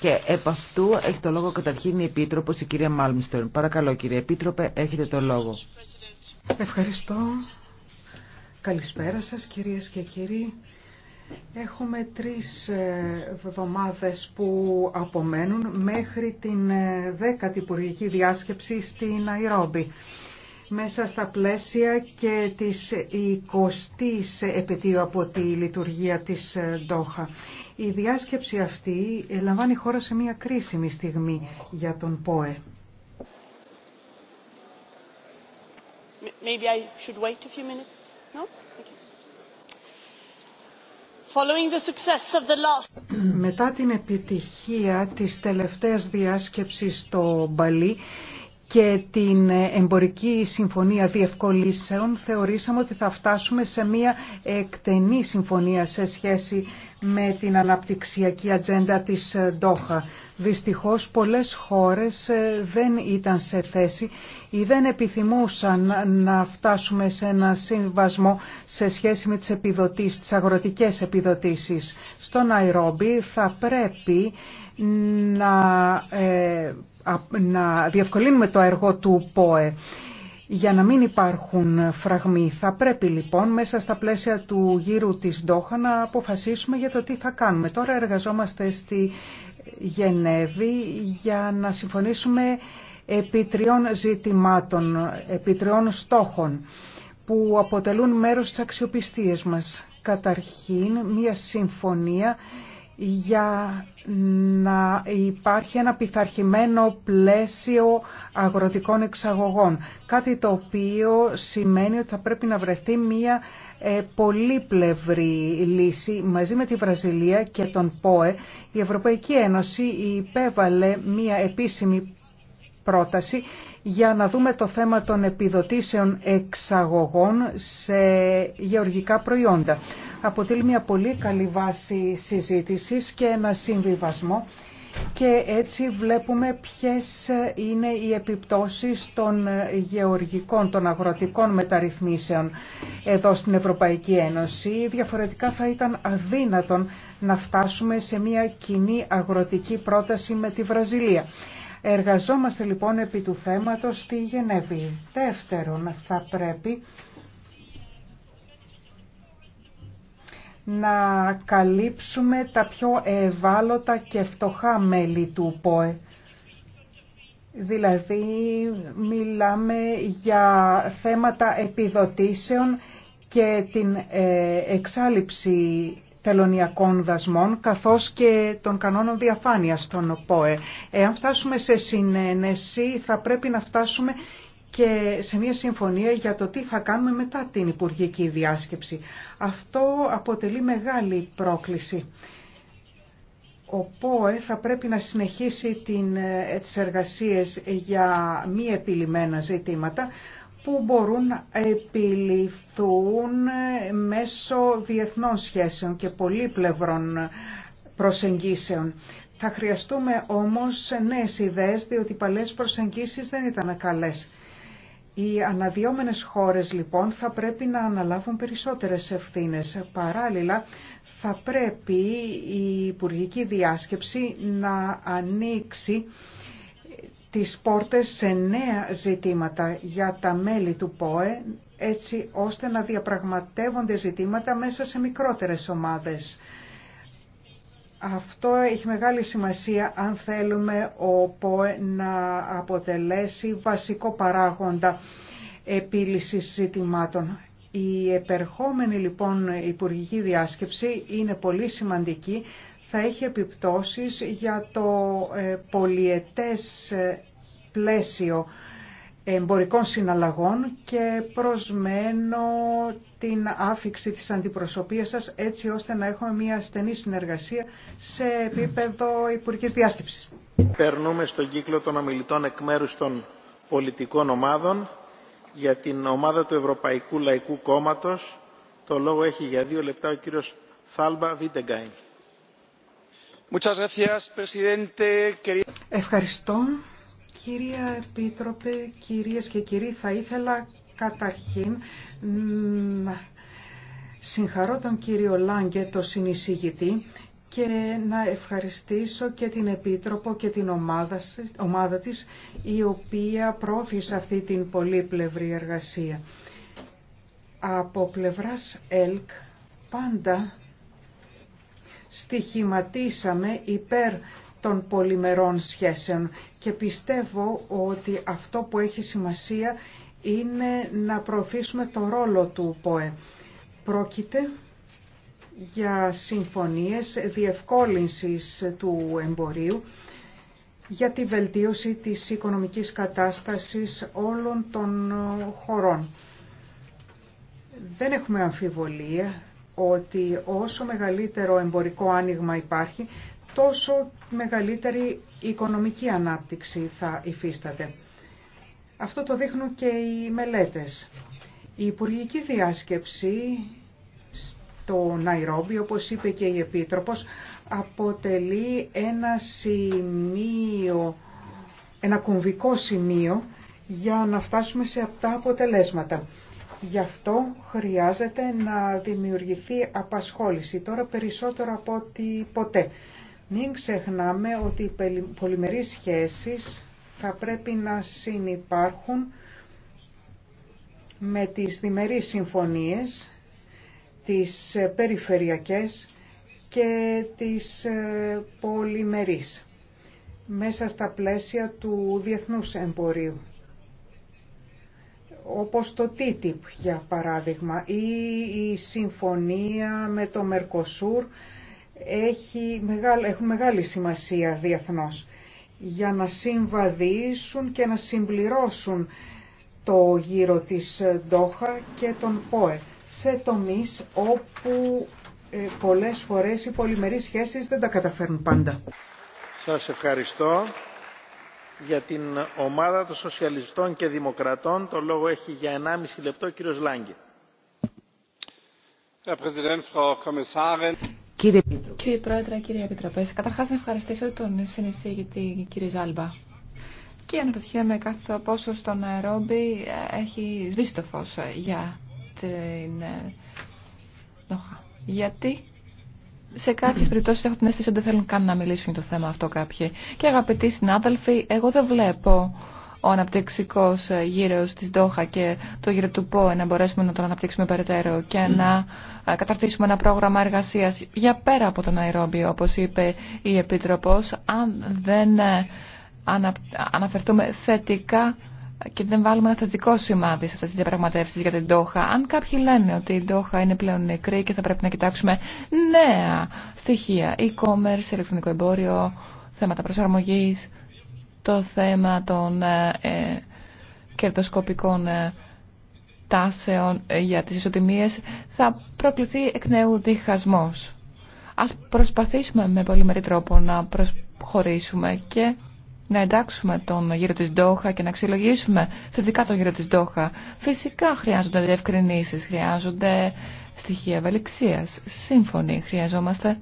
Και επ' αυτού έχει το λόγο καταρχήν η Επίτροπος, η κυρία Μάλμιστερν. Παρακαλώ κύριε Επίτροπε, έχετε το λόγο. Ευχαριστώ. Καλησπέρα σας κυρίες και κύριοι. Έχουμε τρεις εβδομάδες που απομένουν μέχρι την ε, δέκατη υπουργική διάσκεψη στην Αϊρόμπη. Μέσα στα πλαίσια και της 20ης επαιτίου από τη λειτουργία της ε, Ντόχα. Η διάσκεψη αυτή ε, λαμβάνει χώρα σε μια κρίσιμη στιγμή για τον ΠΟΕ. Maybe I should wait a few minutes. No? Μετά την επιτυχία της τελευταίας διάσκεψης στο Μπαλί, και την εμπορική συμφωνία διευκολύσεων θεωρήσαμε ότι θα φτάσουμε σε μια εκτενή συμφωνία σε σχέση με την αναπτυξιακή ατζέντα της Ντόχα. Δυστυχώς πολλές χώρες ε, δεν ήταν σε θέση ή δεν επιθυμούσαν να φτάσουμε σε ένα συμβασμό σε σχέση με τις επιδοτήσεις, τις αγροτικές επιδοτήσεις. Στο Ναϊρόμπι θα πρέπει να, ε, να διευκολύνουμε το έργο του ΠΟΕ. Για να μην υπάρχουν φραγμοί θα πρέπει λοιπόν μέσα στα πλαίσια του γύρου της Ντόχα να αποφασίσουμε για το τι θα κάνουμε. Τώρα εργαζόμαστε στη Γενέβη για να συμφωνήσουμε επί τριών ζητημάτων, επί τριών στόχων που αποτελούν μέρος της αξιοπιστίας μας. Καταρχήν, μια συμφωνία για να υπάρχει ένα πειθαρχημένο πλαίσιο αγροτικών εξαγωγών. Κάτι το οποίο σημαίνει ότι θα πρέπει να βρεθεί μια ε, πολύπλευρη λύση. Μαζί με τη Βραζιλία και τον ΠΟΕ η Ευρωπαϊκή Ένωση υπέβαλε μια επίσημη πρόταση για να δούμε το θέμα των επιδοτήσεων εξαγωγών σε γεωργικά προϊόντα. Αποτελεί μια πολύ καλή βάση συζήτησης και ένα συμβιβασμό και έτσι βλέπουμε ποιες είναι οι επιπτώσεις των γεωργικών, των αγροτικών μεταρρυθμίσεων εδώ στην Ευρωπαϊκή Ένωση. Διαφορετικά θα ήταν αδύνατον να φτάσουμε σε μια κοινή αγροτική πρόταση με τη Βραζιλία. Εργαζόμαστε λοιπόν επί του θέματος στη Γενέβη. Δεύτερον, θα πρέπει να καλύψουμε τα πιο ευάλωτα και φτωχά μέλη του ΠΟΕ. Δηλαδή μιλάμε για θέματα επιδοτήσεων και την ε, εξάλληψη τελωνιακών δασμών καθώς και των κανόνων διαφάνειας στον ΠΟΕ. Εάν φτάσουμε σε συνένεση θα πρέπει να φτάσουμε και σε μια συμφωνία για το τι θα κάνουμε μετά την Υπουργική Διάσκεψη. Αυτό αποτελεί μεγάλη πρόκληση. Ο ΠΟΕ θα πρέπει να συνεχίσει την, ε, τις εργασίες για μη επιλυμένα ζητήματα που μπορούν να επιληθούν μέσω διεθνών σχέσεων και πολύπλευρων προσεγγίσεων. Θα χρειαστούμε όμως νέες ιδέες, διότι οι παλές προσεγγίσεις δεν ήταν καλές. Οι αναδιόμενες χώρες λοιπόν θα πρέπει να αναλάβουν περισσότερες ευθύνες. Παράλληλα θα πρέπει η υπουργική διάσκεψη να ανοίξει τις πόρτες σε νέα ζητήματα για τα μέλη του ΠΟΕ, έτσι ώστε να διαπραγματεύονται ζητήματα μέσα σε μικρότερες ομάδες. Αυτό έχει μεγάλη σημασία αν θέλουμε ο ΠΟΕ να αποτελέσει βασικό παράγοντα επίλυσης ζητημάτων. Η επερχόμενη λοιπόν υπουργική διάσκεψη είναι πολύ σημαντική θα έχει επιπτώσεις για το ε, πολιετές ε, πλαίσιο εμπορικών συναλλαγών και προσμένω την άφηξη της αντιπροσωπείας σας έτσι ώστε να έχουμε μια στενή συνεργασία σε επίπεδο υπουργικής διάσκεψης. Περνούμε στον κύκλο των ομιλητών εκ μέρους των πολιτικών ομάδων. Για την ομάδα του Ευρωπαϊκού Λαϊκού Κόμματος το λόγο έχει για δύο λεπτά ο κύριος Θάλμπα Βίτεγκάιν. Ευχαριστώ. Κυρία Επίτροπε, κυρίες και κύριοι, θα ήθελα καταρχήν να συγχαρώ τον κύριο Λάγκε, το συνεισηγητή, και να ευχαριστήσω και την Επίτροπο και την ομάδα, ομάδα της, η οποία πρόφησε αυτή την πολύπλευρη εργασία. Από πλευράς ΕΛΚ πάντα στοιχηματίσαμε υπέρ των πολυμερών σχέσεων και πιστεύω ότι αυτό που έχει σημασία είναι να προωθήσουμε το ρόλο του ΠΟΕ. Πρόκειται για συμφωνίες διευκόλυνσης του εμπορίου για τη βελτίωση της οικονομικής κατάστασης όλων των χωρών. Δεν έχουμε αμφιβολία ότι όσο μεγαλύτερο εμπορικό άνοιγμα υπάρχει, τόσο μεγαλύτερη οικονομική ανάπτυξη θα υφίσταται. Αυτό το δείχνουν και οι μελέτες. Η Υπουργική Διάσκεψη στο Ναϊρόμπι, όπως είπε και η Επίτροπος, αποτελεί ένα σημείο, ένα κομβικό σημείο για να φτάσουμε σε αυτά αποτελέσματα. Γι' αυτό χρειάζεται να δημιουργηθεί απασχόληση τώρα περισσότερο από ότι ποτέ. Μην ξεχνάμε ότι οι πολυμερείς σχέσεις θα πρέπει να συνυπάρχουν με τις διμερείς συμφωνίες, τις ε, περιφερειακές και τις ε, πολυμερείς μέσα στα πλαίσια του διεθνούς εμπορίου όπως το TTIP για παράδειγμα ή η συμφωνία με το Μερκοσούρ έχει μεγάλη, έχουν μεγάλη σημασία διεθνώς για να συμβαδίσουν και να συμπληρώσουν το γύρο της Ντόχα και τον ΠΟΕ σε τομείς όπου ε, πολλές φορές οι πολυμερείς σχέσεις δεν τα καταφέρνουν πάντα. Σας ευχαριστώ για την ομάδα των Σοσιαλιστών και Δημοκρατών. Το λόγο έχει για 1,5 λεπτό ο κύριος Λάγκε. Κύριε... κύριε Πρόεδρε, κύριε Επιτροπέ, καταρχά να ευχαριστήσω τον συνεισήγητη κύριο Ζάλμπα. Και αναρωτιέμαι κάθε πόσο στο Ναερόμπι ε, έχει σβήσει το φω ε, για την ε, Νόχα. Γιατί σε κάποιε περιπτώσει έχω την αίσθηση ότι δεν θέλουν καν να μιλήσουν για το θέμα αυτό κάποιοι. Και αγαπητοί συνάδελφοι, εγώ δεν βλέπω ο αναπτυξικό ε, γύρο τη Ντόχα και το γύρο του ΠΟΕ να μπορέσουμε να τον αναπτύξουμε περαιτέρω και να ε, καταρτήσουμε ένα πρόγραμμα εργασία για πέρα από τον αερόμπιο, όπω είπε η Επίτροπο, αν δεν ε, αναφερθούμε θετικά και δεν βάλουμε ένα θετικό σημάδι σε αυτέ τι διαπραγματεύσει για την Τόχα. Αν κάποιοι λένε ότι η Τόχα είναι πλέον νεκρή και θα πρέπει να κοιτάξουμε νέα στοιχεία, e-commerce, ηλεκτρονικό εμπόριο, θέματα προσαρμογή, το θέμα των ε, ε κερδοσκοπικών ε, τάσεων ε, για τι ισοτιμίε, θα προκληθεί εκ νέου διχασμός. Α προσπαθήσουμε με μερή τρόπο να χωρίσουμε και να εντάξουμε τον γύρο της Ντόχα και να αξιολογήσουμε θετικά τον γύρο της Ντόχα. Φυσικά χρειάζονται διευκρινήσεις, χρειάζονται στοιχεία ευελιξίας, σύμφωνοι, χρειαζόμαστε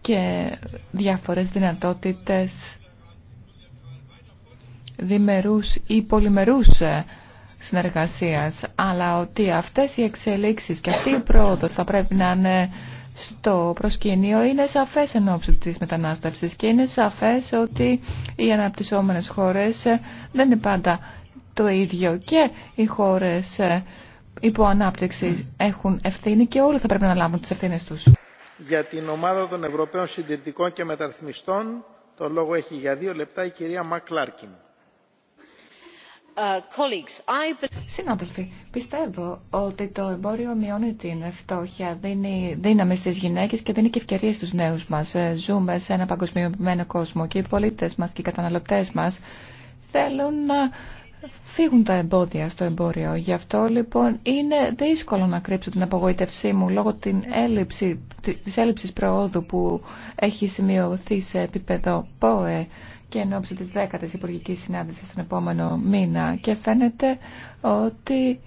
και διάφορες δυνατότητες διμερούς ή πολυμερούς ε, συνεργασίας, αλλά ότι αυτές οι εξελίξεις και αυτή η πρόοδος θα πρέπει να είναι στο προσκήνιο είναι σαφές εν ώψη της μετανάστευσης και είναι σαφές ότι οι αναπτυσσόμενες χώρες ε, δεν είναι πάντα το ίδιο και οι χώρες ε, υποανάπτυξης έχουν ευθύνη και όλοι θα πρέπει να λάβουν τις ευθύνες τους. Για την ομάδα των Ευρωπαίων Συντηρητικών και Μεταρρυθμιστών το λόγο έχει για δύο λεπτά η κυρία Λάρκιν. Uh, Συνάδελφοι, πιστεύω ότι το εμπόριο μειώνει την φτώχεια, δίνει δύναμη στι γυναίκε και δίνει και ευκαιρίε στου νέους μας. Ε, ζούμε σε ένα παγκοσμιοποιημένο κόσμο και οι πολίτε μα και οι καταναλωτέ μα θέλουν να φύγουν τα εμπόδια στο εμπόριο. Γι' αυτό λοιπόν είναι δύσκολο να κρύψω την απογοήτευσή μου λόγω την έλλειψη, της έλλειψης προόδου που έχει σημειωθεί σε επίπεδο ΠΟΕ και εν ώψη της 10 Υπουργικής Συνάντησης τον επόμενο μήνα και φαίνεται ότι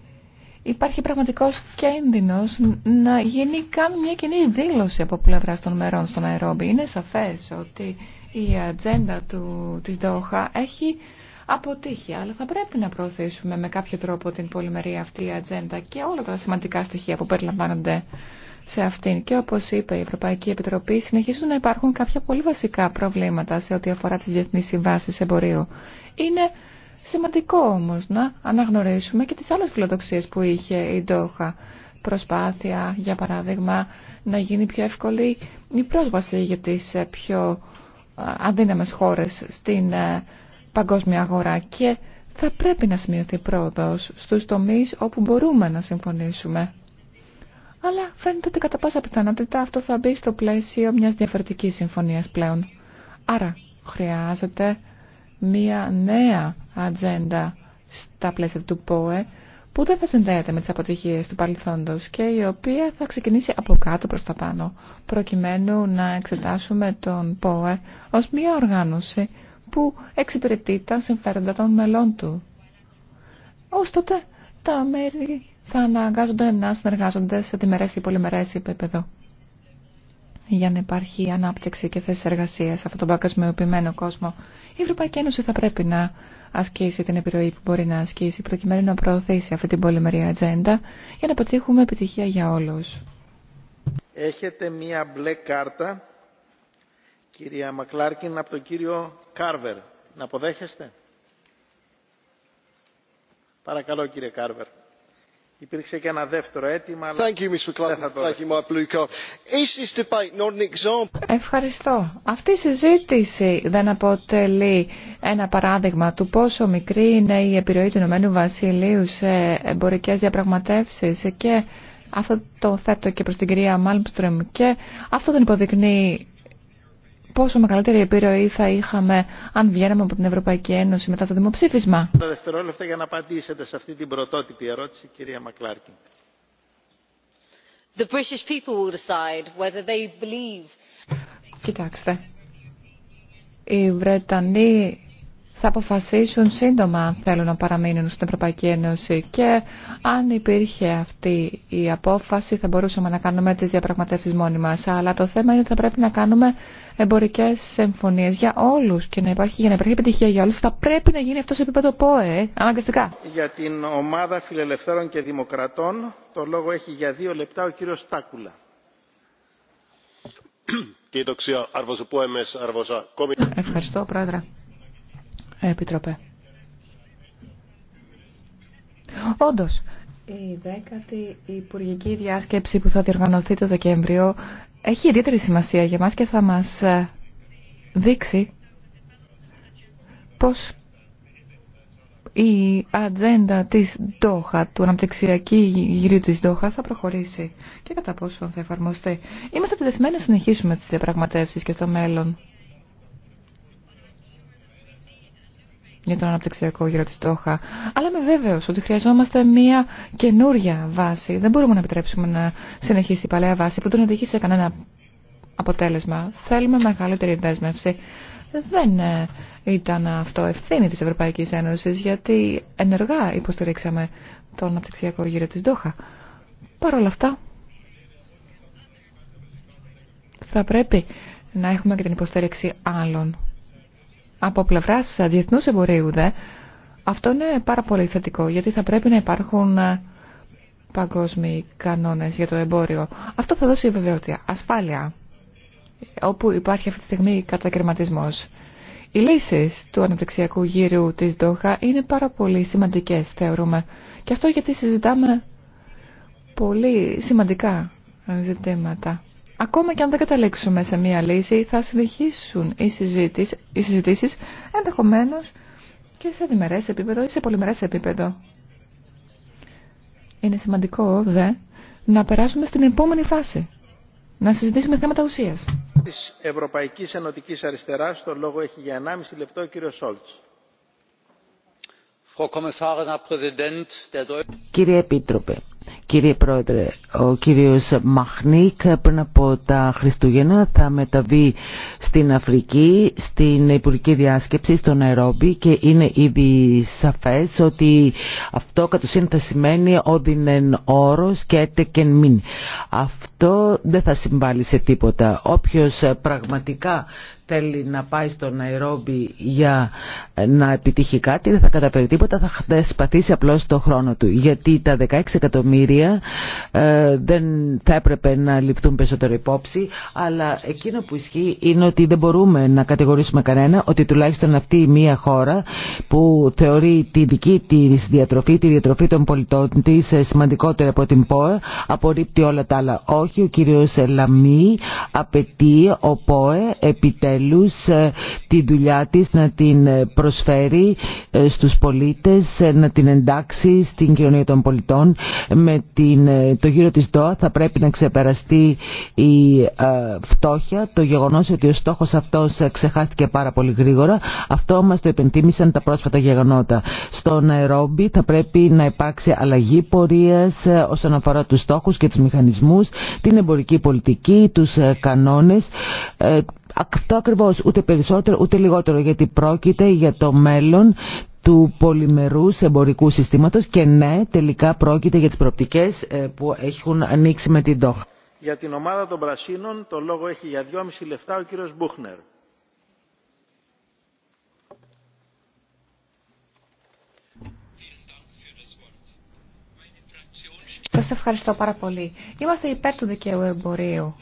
υπάρχει πραγματικός κίνδυνος να γίνει καν μια κοινή δήλωση από πλευρά των μερών στον Αερόμπι. Είναι σαφές ότι η ατζέντα του, της Δόχα έχει αποτύχει, αλλά θα πρέπει να προωθήσουμε με κάποιο τρόπο την πολυμερή αυτή η ατζέντα και όλα τα σημαντικά στοιχεία που περιλαμβάνονται σε αυτήν. Και όπως είπε η Ευρωπαϊκή Επιτροπή, συνεχίζουν να υπάρχουν κάποια πολύ βασικά προβλήματα σε ό,τι αφορά τι διεθνεί συμβάσει εμπορίου. Είναι σημαντικό όμως να αναγνωρίσουμε και τις άλλες φιλοδοξίε που είχε η Ντόχα. Προσπάθεια, για παράδειγμα, να γίνει πιο εύκολη η πρόσβαση για τι ε, πιο ε, αδύναμε χώρε στην ε, παγκόσμια αγορά και θα πρέπει να σημειωθεί πρόοδος στους τομείς όπου μπορούμε να συμφωνήσουμε αλλά φαίνεται ότι κατά πάσα πιθανότητα αυτό θα μπει στο πλαίσιο μιας διαφορετικής συμφωνίας πλέον. Άρα χρειάζεται μια νέα ατζέντα στα πλαίσια του ΠΟΕ που δεν θα συνδέεται με τις αποτυχίες του παρελθόντος και η οποία θα ξεκινήσει από κάτω προς τα πάνω προκειμένου να εξετάσουμε τον ΠΟΕ ως μια οργάνωση που εξυπηρετεί τα συμφέροντα των μελών του. Ωστότε τα μέρη θα αναγκάζονται να συνεργάζονται σε διμερές ή πολυμερές επίπεδο για να υπάρχει ανάπτυξη και θέσει εργασία σε αυτόν τον παγκοσμιοποιημένο κόσμο. Η Ευρωπαϊκή Ένωση θα πρέπει να ασκήσει την επιρροή που μπορεί να ασκήσει προκειμένου να προωθήσει αυτή την πολυμερή ατζέντα για να πετύχουμε επιτυχία για όλους. Έχετε μία μπλε κάρτα, κυρία Μακλάρκιν, από τον κύριο Κάρβερ. Να αποδέχεστε. Παρακαλώ κύριε Κάρβερ. Υπήρξε και ένα δεύτερο αίτημα, αλλά Thank you, Mr. Ευχαριστώ. Αυτή η συζήτηση δεν αποτελεί ένα παράδειγμα του πόσο μικρή είναι η επιρροή του Ηνωμένου Βασιλείου σε εμπορικές διαπραγματεύσεις και αυτό το θέτω και προς την κυρία Μάλμστρομ και αυτό δεν υποδεικνύει πόσο μεγαλύτερη επιρροή θα είχαμε αν βγαίναμε από την Ευρωπαϊκή Ένωση μετά το δημοψήφισμα. Τα δευτερόλεπτα για να απαντήσετε σε αυτή την πρωτότυπη ερώτηση, κυρία Μακλάρκιν. The British people will decide whether they believe... Κοιτάξτε, οι Βρετανοί θα αποφασίσουν σύντομα αν θέλουν να παραμείνουν στην Ευρωπαϊκή Ένωση και αν υπήρχε αυτή η απόφαση θα μπορούσαμε να κάνουμε τις διαπραγματεύσεις μόνοι μας. Αλλά το θέμα είναι ότι θα πρέπει να κάνουμε εμπορικές συμφωνίες για όλους και να υπάρχει, για να υπάρχει επιτυχία για όλους θα πρέπει να γίνει αυτό σε επίπεδο ΠΟΕ, ε, αναγκαστικά. Για την ομάδα φιλελευθέρων και δημοκρατών το λόγο έχει για δύο λεπτά ο κύριος Στάκουλα. Ευχαριστώ, Πρόεδρε. Επιτροπέ. Όντως, η δέκατη υπουργική διάσκεψη που θα διοργανωθεί το Δεκέμβριο έχει ιδιαίτερη σημασία για μας και θα μας ε, δείξει πως η ατζέντα της ΔΟΧΑ, του αναπτυξιακή γυρίου της ΔΟΧΑ, θα προχωρήσει και κατά πόσο θα εφαρμοστεί. Είμαστε τεθειμένοι να συνεχίσουμε τις διαπραγματεύσεις και στο μέλλον. για τον αναπτυξιακό γύρο της Τόχα. Αλλά είμαι βέβαιο ότι χρειαζόμαστε μια καινούρια βάση. Δεν μπορούμε να επιτρέψουμε να συνεχίσει η παλαιά βάση που δεν οδηγεί σε κανένα αποτέλεσμα. Θέλουμε μεγαλύτερη δέσμευση. Δεν ε, ήταν αυτό ευθύνη της Ευρωπαϊκής Ένωσης γιατί ενεργά υποστηρίξαμε τον αναπτυξιακό γύρο της ΔΟΧΑ Παρ' όλα αυτά θα πρέπει να έχουμε και την υποστήριξη άλλων από πλευρά διεθνού εμπορίου δε, αυτό είναι πάρα πολύ θετικό γιατί θα πρέπει να υπάρχουν ε, παγκόσμιοι κανόνες για το εμπόριο. Αυτό θα δώσει βεβαιότητα, ασφάλεια, όπου υπάρχει αυτή τη στιγμή κατακαιρματισμό. Οι λύσει του αναπτυξιακού γύρου της Ντόχα είναι πάρα πολύ σημαντικέ, θεωρούμε. Και αυτό γιατί συζητάμε πολύ σημαντικά ζητήματα. Ακόμα και αν δεν καταλήξουμε σε μία λύση, θα συνεχίσουν οι συζητήσεις, οι και σε διμερές επίπεδο ή σε πολυμερές επίπεδο. Είναι σημαντικό, δε, να περάσουμε στην επόμενη φάση. Να συζητήσουμε θέματα ουσίας. Αριστεράς, το λόγο έχει για 1,5 λεπτό ο κύριος Σόλτς. Κύριε Επίτροπε, Κύριε Πρόεδρε, ο κύριος Μαχνίκ πριν από τα Χριστούγεννα θα μεταβεί στην Αφρική, στην Υπουργική Διάσκεψη, στο Νερόμπι και είναι ήδη σαφές ότι αυτό κατ' ουσίαν θα σημαίνει όδινεν όρος και έτε και μην. Αυτό δεν θα συμβάλλει σε τίποτα. Όποιος πραγματικά θέλει να πάει στο Ναϊρόμπι για ε, να επιτύχει κάτι, δεν θα καταφέρει τίποτα, θα σπαθήσει απλώς το χρόνο του. Γιατί τα 16 εκατομμύρια ε, δεν θα έπρεπε να ληφθούν περισσότερο υπόψη, αλλά εκείνο που ισχύει είναι ότι δεν μπορούμε να κατηγορήσουμε κανένα ότι τουλάχιστον αυτή η μία χώρα που θεωρεί τη δική τη διατροφή, τη διατροφή των πολιτών τη ε, σημαντικότερη από την ΠΟΕ, απορρίπτει όλα τα άλλα. Όχι, ο κύριος Λαμή απαιτεί ο ΠΟΕ επιτέλους ε, τη δουλειά της να την ε, προσφέρει ε, στους πολίτες, να την εντάξει στην κοινωνία των πολιτών. Με την, το γύρο της ΔΟΑ θα πρέπει να ξεπεραστεί η φτώχεια. Το γεγονός ότι ο στόχος αυτός ξεχάστηκε πάρα πολύ γρήγορα, αυτό μας το επενθύμησαν τα πρόσφατα γεγονότα. Στο Ναερόμπι θα πρέπει να υπάρξει αλλαγή πορεία όσον αφορά τους στόχους και τους μηχανισμούς, την εμπορική πολιτική, τους κανόνες αυτό ακριβώς ούτε περισσότερο ούτε λιγότερο γιατί πρόκειται για το μέλλον του πολυμερούς εμπορικού συστήματος και ναι τελικά πρόκειται για τις προοπτικές ε, που έχουν ανοίξει με την ΤΟΧ. Για την ομάδα των Πρασίνων το λόγο έχει για 2,5 λεφτά ο κύριος Μπούχνερ. Σας ευχαριστώ πάρα πολύ. Είμαστε υπέρ του δικαίου εμπορίου.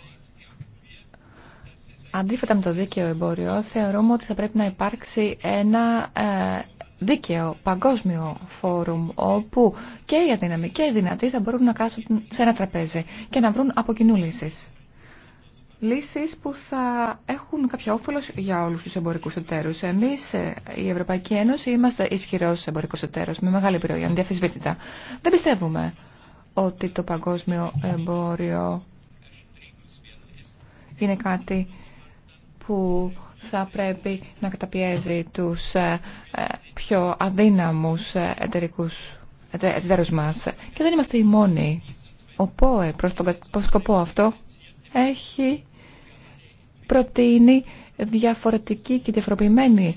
Αντίθετα με το δίκαιο εμπόριο, θεωρούμε ότι θα πρέπει να υπάρξει ένα ε, δίκαιο παγκόσμιο φόρουμ όπου και οι αδύναμοι και οι δυνατοί θα μπορούν να κάσουν σε ένα τραπέζι και να βρουν από κοινού λύσεις. Λύσεις που θα έχουν κάποιο όφελος για όλους τους εμπορικούς εταίρους. Εμείς, ε, η Ευρωπαϊκή Ένωση, είμαστε ισχυρός εμπορικός εταίρος με μεγάλη επιρροή, ανδιαφυσβήτητα. Δεν πιστεύουμε ότι το παγκόσμιο εμπόριο είναι κάτι που θα πρέπει να καταπιέζει τους ε, ε, πιο αδύναμους ε, εταιρικούς εταιρούς μας. Και δεν είμαστε οι μόνοι. Ο ΠΟΕ προς τον σκοπό αυτό έχει προτείνει διαφορετική και διαφοροποιημένη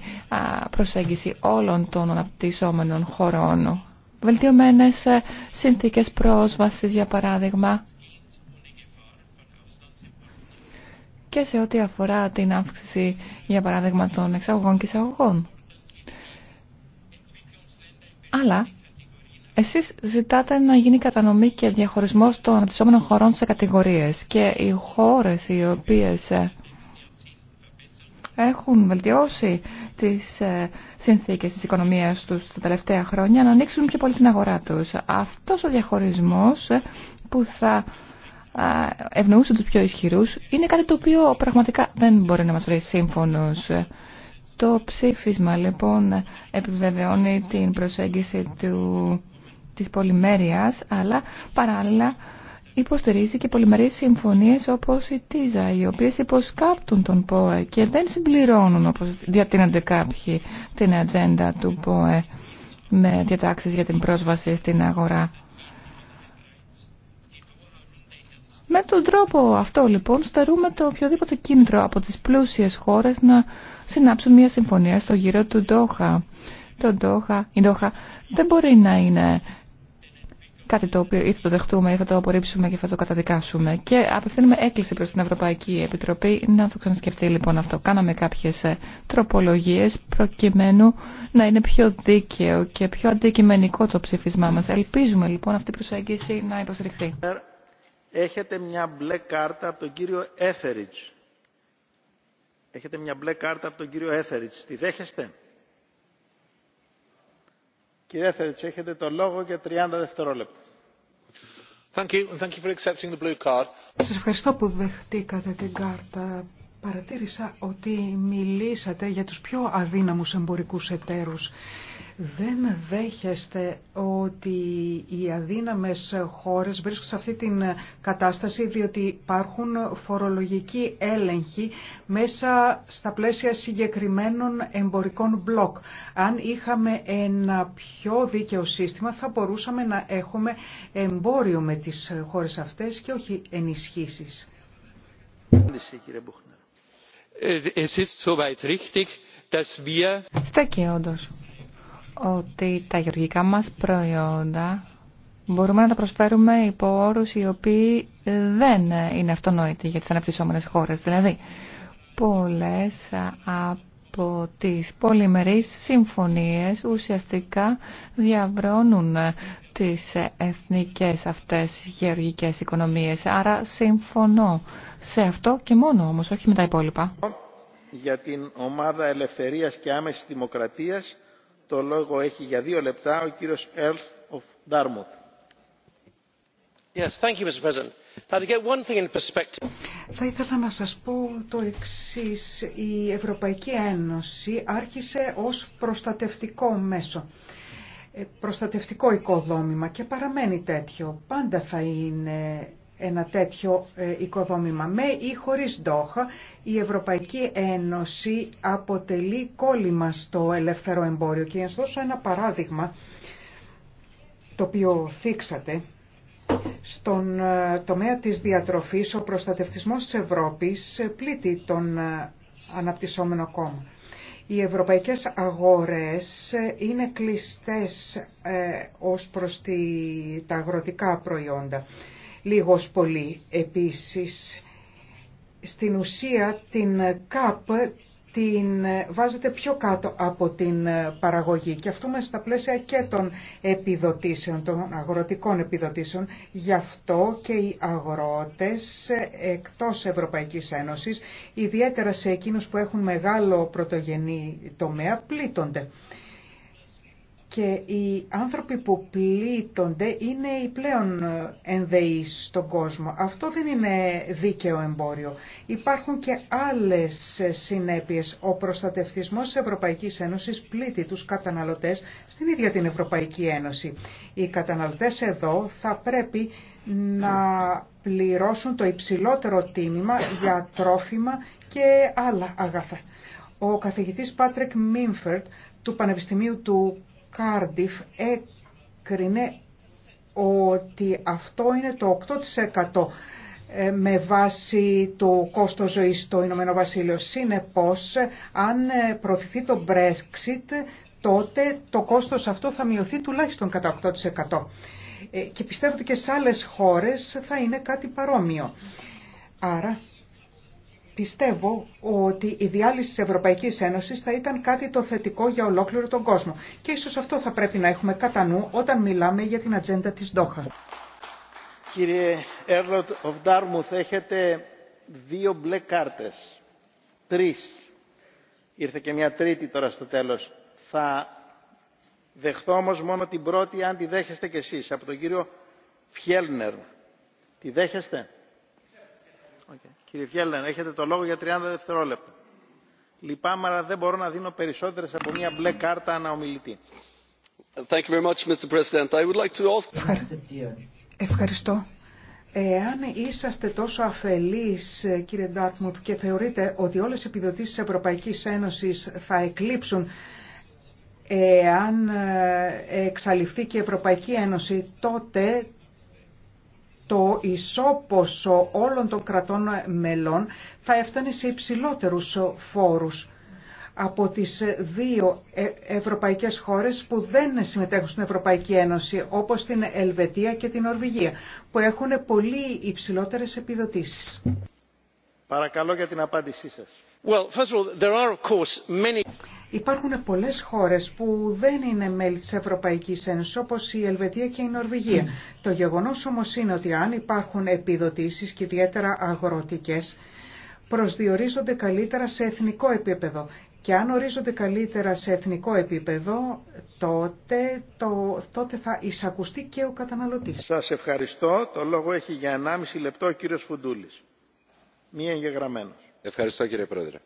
προσέγγιση όλων των αναπτυσσόμενων χωρών. Βελτιωμένες συνθήκες πρόσβασης, για παράδειγμα, και σε ό,τι αφορά την αύξηση, για παράδειγμα, των εξαγωγών και εισαγωγών. Αλλά εσείς ζητάτε να γίνει κατανομή και διαχωρισμός των αναπτυσσόμενων χωρών σε κατηγορίες και οι χώρες οι οποίες ε, έχουν βελτιώσει τις ε, συνθήκες της οικονομίας τους τα τελευταία χρόνια να ανοίξουν πιο πολύ την αγορά τους. Αυτός ο διαχωρισμός ε, που θα ευνοούσε τους πιο ισχυρούς είναι κάτι το οποίο πραγματικά δεν μπορεί να μας βρει σύμφωνος. Το ψήφισμα λοιπόν επιβεβαιώνει την προσέγγιση του, της πολυμέρειας αλλά παράλληλα υποστηρίζει και πολυμερείς συμφωνίες όπως η ΤΙΖΑ οι οποίες υποσκάπτουν τον ΠΟΕ και δεν συμπληρώνουν όπως διατείνονται κάποιοι την ατζέντα του ΠΟΕ με διατάξεις για την πρόσβαση στην αγορά Με τον τρόπο αυτό λοιπόν στερούμε το οποιοδήποτε κίνητρο από τις πλούσιες χώρες να συνάψουν μια συμφωνία στο γύρο του Ντόχα. Το Ντόχα, η Ντόχα δεν μπορεί να είναι κάτι το οποίο ή θα το δεχτούμε ή θα το απορρίψουμε και θα το καταδικάσουμε. Και απευθύνουμε έκκληση προς την Ευρωπαϊκή Επιτροπή να το ξανασκεφτεί λοιπόν αυτό. Κάναμε κάποιες ε, τροπολογίες προκειμένου να είναι πιο δίκαιο και πιο αντικειμενικό το ψήφισμά μας. Ελπίζουμε λοιπόν αυτή η προσέγγιση να υποστηριχθεί. Έχετε μια μπλε κάρτα από τον κύριο Έθεριτς. Έχετε μια μπλε κάρτα από τον κύριο Έθεριτς. Τη δέχεστε. Κύριε Έθεριτς, έχετε το λόγο για 30 δευτερόλεπτα. Thank you, thank you for accepting the blue card. Σας ευχαριστώ που δεχτήκατε την κάρτα. Παρατήρησα ότι μιλήσατε για τους πιο αδύναμους εμπορικούς εταίρους δεν δέχεστε ότι οι αδύναμες χώρες βρίσκονται σε αυτή την κατάσταση διότι υπάρχουν φορολογικοί έλεγχοι μέσα στα πλαίσια συγκεκριμένων εμπορικών μπλοκ. Αν είχαμε ένα πιο δίκαιο σύστημα θα μπορούσαμε να έχουμε εμπόριο με τις χώρες αυτές και όχι ενισχύσεις. Ε, Στέκει όντως ότι τα γεωργικά μας προϊόντα μπορούμε να τα προσφέρουμε υπό όρους οι οποίοι δεν είναι αυτονόητοι για τις αναπτυσσόμενες χώρες. Δηλαδή, πολλές από τις πολυμερείς συμφωνίες ουσιαστικά διαβρώνουν τις εθνικές αυτές γεωργικές οικονομίες. Άρα συμφωνώ σε αυτό και μόνο όμως, όχι με τα υπόλοιπα. Για την ομάδα ελευθερίας και άμεσης δημοκρατίας το λόγο έχει για δύο λεπτά ο κύριος Earl of Mr. President. to get one thing in perspective... Θα ήθελα να σας πω το εξής. Η Ευρωπαϊκή Ένωση άρχισε ως προστατευτικό μέσο ε, προστατευτικό οικοδόμημα και παραμένει τέτοιο. Πάντα θα είναι ένα τέτοιο ε, οικοδόμημα. Με ή χωρίς Ντόχα, η Ευρωπαϊκή Ένωση αποτελεί κόλλημα στο ελεύθερο εμπόριο. Και να δώσω ένα παράδειγμα, το οποίο θίξατε. Στον ε, τομέα της διατροφής, ο προστατευτισμός της Ευρώπης ε, πλήττει τον αναπτυσσόμενο κόμμα. Οι ευρωπαϊκές αγορές είναι κλειστές ε, ως προς τη, τα αγροτικά προϊόντα λίγος πολύ. Επίσης, στην ουσία την ΚΑΠ την βάζετε πιο κάτω από την παραγωγή και αυτό μέσα στα πλαίσια και των επιδοτήσεων, των αγροτικών επιδοτήσεων. Γι' αυτό και οι αγρότες εκτός Ευρωπαϊκής Ένωσης, ιδιαίτερα σε εκείνους που έχουν μεγάλο πρωτογενή τομέα, πλήττονται και οι άνθρωποι που πλήττονται είναι οι πλέον ε, ενδέει στον κόσμο. Αυτό δεν είναι δίκαιο εμπόριο. Υπάρχουν και άλλες ε, συνέπειες. Ο προστατευτισμός της Ευρωπαϊκής Ένωσης πλήττει τους καταναλωτές στην ίδια την Ευρωπαϊκή Ένωση. Οι καταναλωτές εδώ θα πρέπει να πληρώσουν το υψηλότερο τίμημα για τρόφιμα και άλλα αγαθά. Ο καθηγητής Πάτρεκ Μίνφερτ του Πανεπιστημίου του Κάρντιφ έκρινε ότι αυτό είναι το 8% ε, με βάση το κόστος ζωής στο Ηνωμένο Βασίλειο. Συνεπώς, αν ε, προωθηθεί το Brexit, τότε το κόστος αυτό θα μειωθεί τουλάχιστον κατά 8%. Ε, και πιστεύω ότι και σε άλλες χώρες θα είναι κάτι παρόμοιο. Άρα Πιστεύω ότι η διάλυση της Ευρωπαϊκής Ένωσης θα ήταν κάτι το θετικό για ολόκληρο τον κόσμο και ίσως αυτό θα πρέπει να έχουμε κατά νου όταν μιλάμε για την ατζέντα της Ντόχα. Κύριε Έρλοτ Οφντάρμουθ, έχετε δύο μπλε κάρτες. Τρεις. Ήρθε και μια τρίτη τώρα στο τέλος. Θα δεχθώ όμως μόνο την πρώτη αν τη δέχεστε κι εσείς. Από τον κύριο Φιέλνερ. Τη δέχεστε? Okay. Κύριε Φιέλνερ, έχετε το λόγο για 30 δευτερόλεπτα. Λυπάμαι, αλλά δεν μπορώ να δίνω περισσότερες από μια μπλε κάρτα αναομιλητή. Ευχαριστώ. Εάν είσαστε τόσο αφελείς, κύριε Ντάρτμουθ, και θεωρείτε ότι όλες οι επιδοτήσεις της Ευρωπαϊκής Ένωσης θα εκλείψουν εάν ε, εξαλειφθεί και η Ευρωπαϊκή Ένωση, τότε το ισόποσο όλων των κρατών μελών θα έφτανε σε υψηλότερους φόρους από τις δύο ε, ευρωπαϊκές χώρες που δεν συμμετέχουν στην Ευρωπαϊκή Ένωση, όπως την Ελβετία και την Ορβηγία, που έχουν πολύ υψηλότερες επιδοτήσεις. Παρακαλώ για την απάντησή σας. Υπάρχουν πολλέ χώρε που δεν είναι μέλη τη Ευρωπαϊκή Ένωση, όπω η Ελβετία και η Νορβηγία. Mm. Το γεγονό όμω είναι ότι αν υπάρχουν επιδοτήσει και ιδιαίτερα αγροτικέ, προσδιορίζονται καλύτερα σε εθνικό επίπεδο. Και αν ορίζονται καλύτερα σε εθνικό επίπεδο, τότε, το, τότε θα εισακουστεί και ο καταναλωτής. Σας ευχαριστώ. Το λόγο έχει για 1,5 λεπτό ο κύριος Φουντούλης. Μία εγγεγραμμένο κύριε πρόεδρε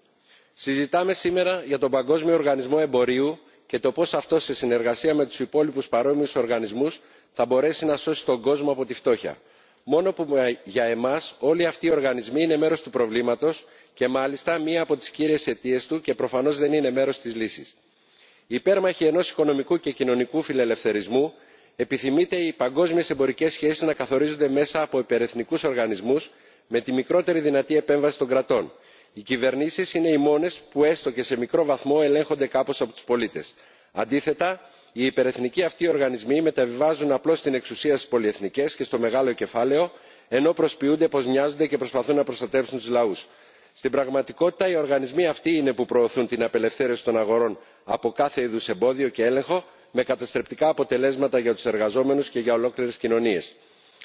συζητάμε σήμερα για τον παγκόσμιο οργανισμό εμπορίου και το πώς αυτός σε συνεργασία με τους υπόλοιπους παρόμοιους οργανισμούς θα μπορέσει να σώσει τον κόσμο από τη φτώχεια μόνο που ε, για εμάς όλοι αυτοί οι οργανισμοί είναι μέρος του προβλήματος και μάλιστα μία από τις κύριες αιτίες του και προφανώς δεν είναι μέρος της λύσης. υπέρμαχοι ενός οικονομικού και κοινωνικού φιλελευθερισμού επιθυμείται οι παγκόσμιες εμπορικές σχέσεις να καθορίζονται μέσα από υπερεθνικούς οργανισμούς με τη μικρότερη δυνατή επέμβαση των κρατών οι κυβερνήσεις είναι οι μόνες που έστω και σε μικρό βαθμό ελέγχονται κάπως από τους πολίτες. αντίθετα οι υπερεθνικοί αυτοί οργανισμοί μεταβιβάζουν απλώς την εξουσία στις πολυεθνικές και στο μεγάλο κεφάλαιο ενώ προσποιούνται πως μοιάζονται και προσπαθούν να προστατεύσουν τους λαούς. στην πραγματικότητα οι οργανισμοί αυτοί είναι που προωθούν την απελευθέρωση των αγορών από κάθε είδους εμπόδιο και έλεγχο με καταστρεπτικά αποτελέσματα για τους εργαζόμενους και για ολόκληρε κοινωνίες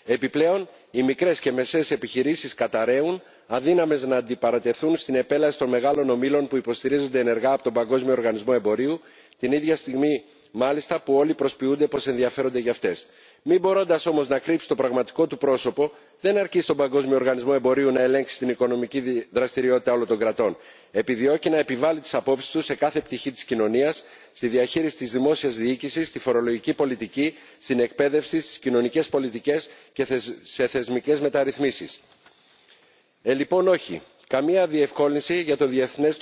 επιπλέον οι μικρές και μεσαίες επιχειρήσεις καταραίουν αδύναμες να αντιπαρατεθούν στην επέλαση των μεγάλων ομίλων που υποστηρίζονται ενεργά από τον παγκόσμιο οργανισμό εμπορίου την ίδια στιγμή μάλιστα που όλοι προσποιούνται πως ενδιαφέρονται για αυτές μην μπορώντα όμω να κρύψει το πραγματικό του πρόσωπο δεν αρκεί στον παγκόσμιο οργανισμό εμπορίου να ελέγξει την οικονομική δραστηριότητα όλων των κρατών. επιδιώκει να επιβάλλει τι απόψει του σε κάθε πτυχή τη κοινωνία στη διαχείριση τη δημόσια διοίκηση στη φορολογική πολιτική στην εκπαίδευση στι κοινωνικέ πολιτικέ και σε θεσμικέ μεταρρυθμίσει. ε λοιπόν όχι! καμία διευκόλυνση για το διεθνές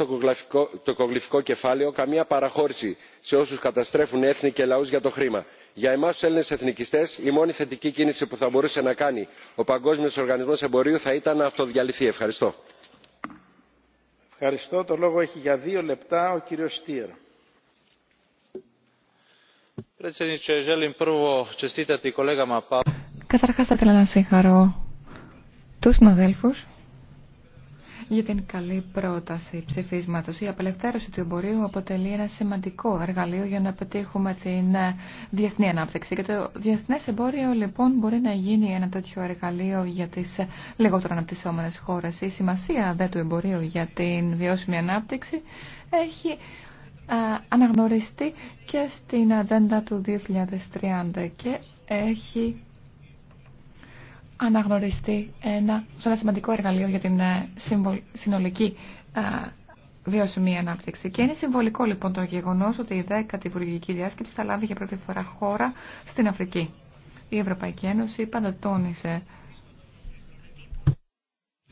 τοκογλυφικό κεφάλαιο καμία παραχώρηση σε όσους καταστρέφουν έθνη και λαού για το χρήμα. για εμάς του έλληνες εθνικιστές η μόνη θετική κίνηση που θα μπορούσε να κάνει ο παγκόσμιος οργανισμός εμπορίου θα ήταν να αυτοδιαλυθεί. ευχαριστώ. ευχαριστώ. Το λόγο έχει για δύο λεπτά ο κύριος Καταρχάς θα ήθελα να συγχαρώ τους συναδέλφους για την καλή πρόταση ψηφίσματος. Η απελευθέρωση του εμπορίου αποτελεί ένα σημαντικό εργαλείο για να πετύχουμε την ε, διεθνή ανάπτυξη. Και το διεθνές εμπόριο λοιπόν μπορεί να γίνει ένα τέτοιο εργαλείο για τις ε, λιγότερο αναπτυσσόμενες χώρες. Η σημασία δε του εμπορίου για την βιώσιμη ανάπτυξη έχει ε, αναγνωριστεί και στην ατζέντα του 2030 και έχει αναγνωριστεί ένα, ένα σημαντικό εργαλείο για την ε, συνολική ε, βιώσιμη ανάπτυξη. Και είναι συμβολικό λοιπόν το γεγονό ότι η δέκατη Η Ευρωπαϊκή Ένωση πάντα τόνισε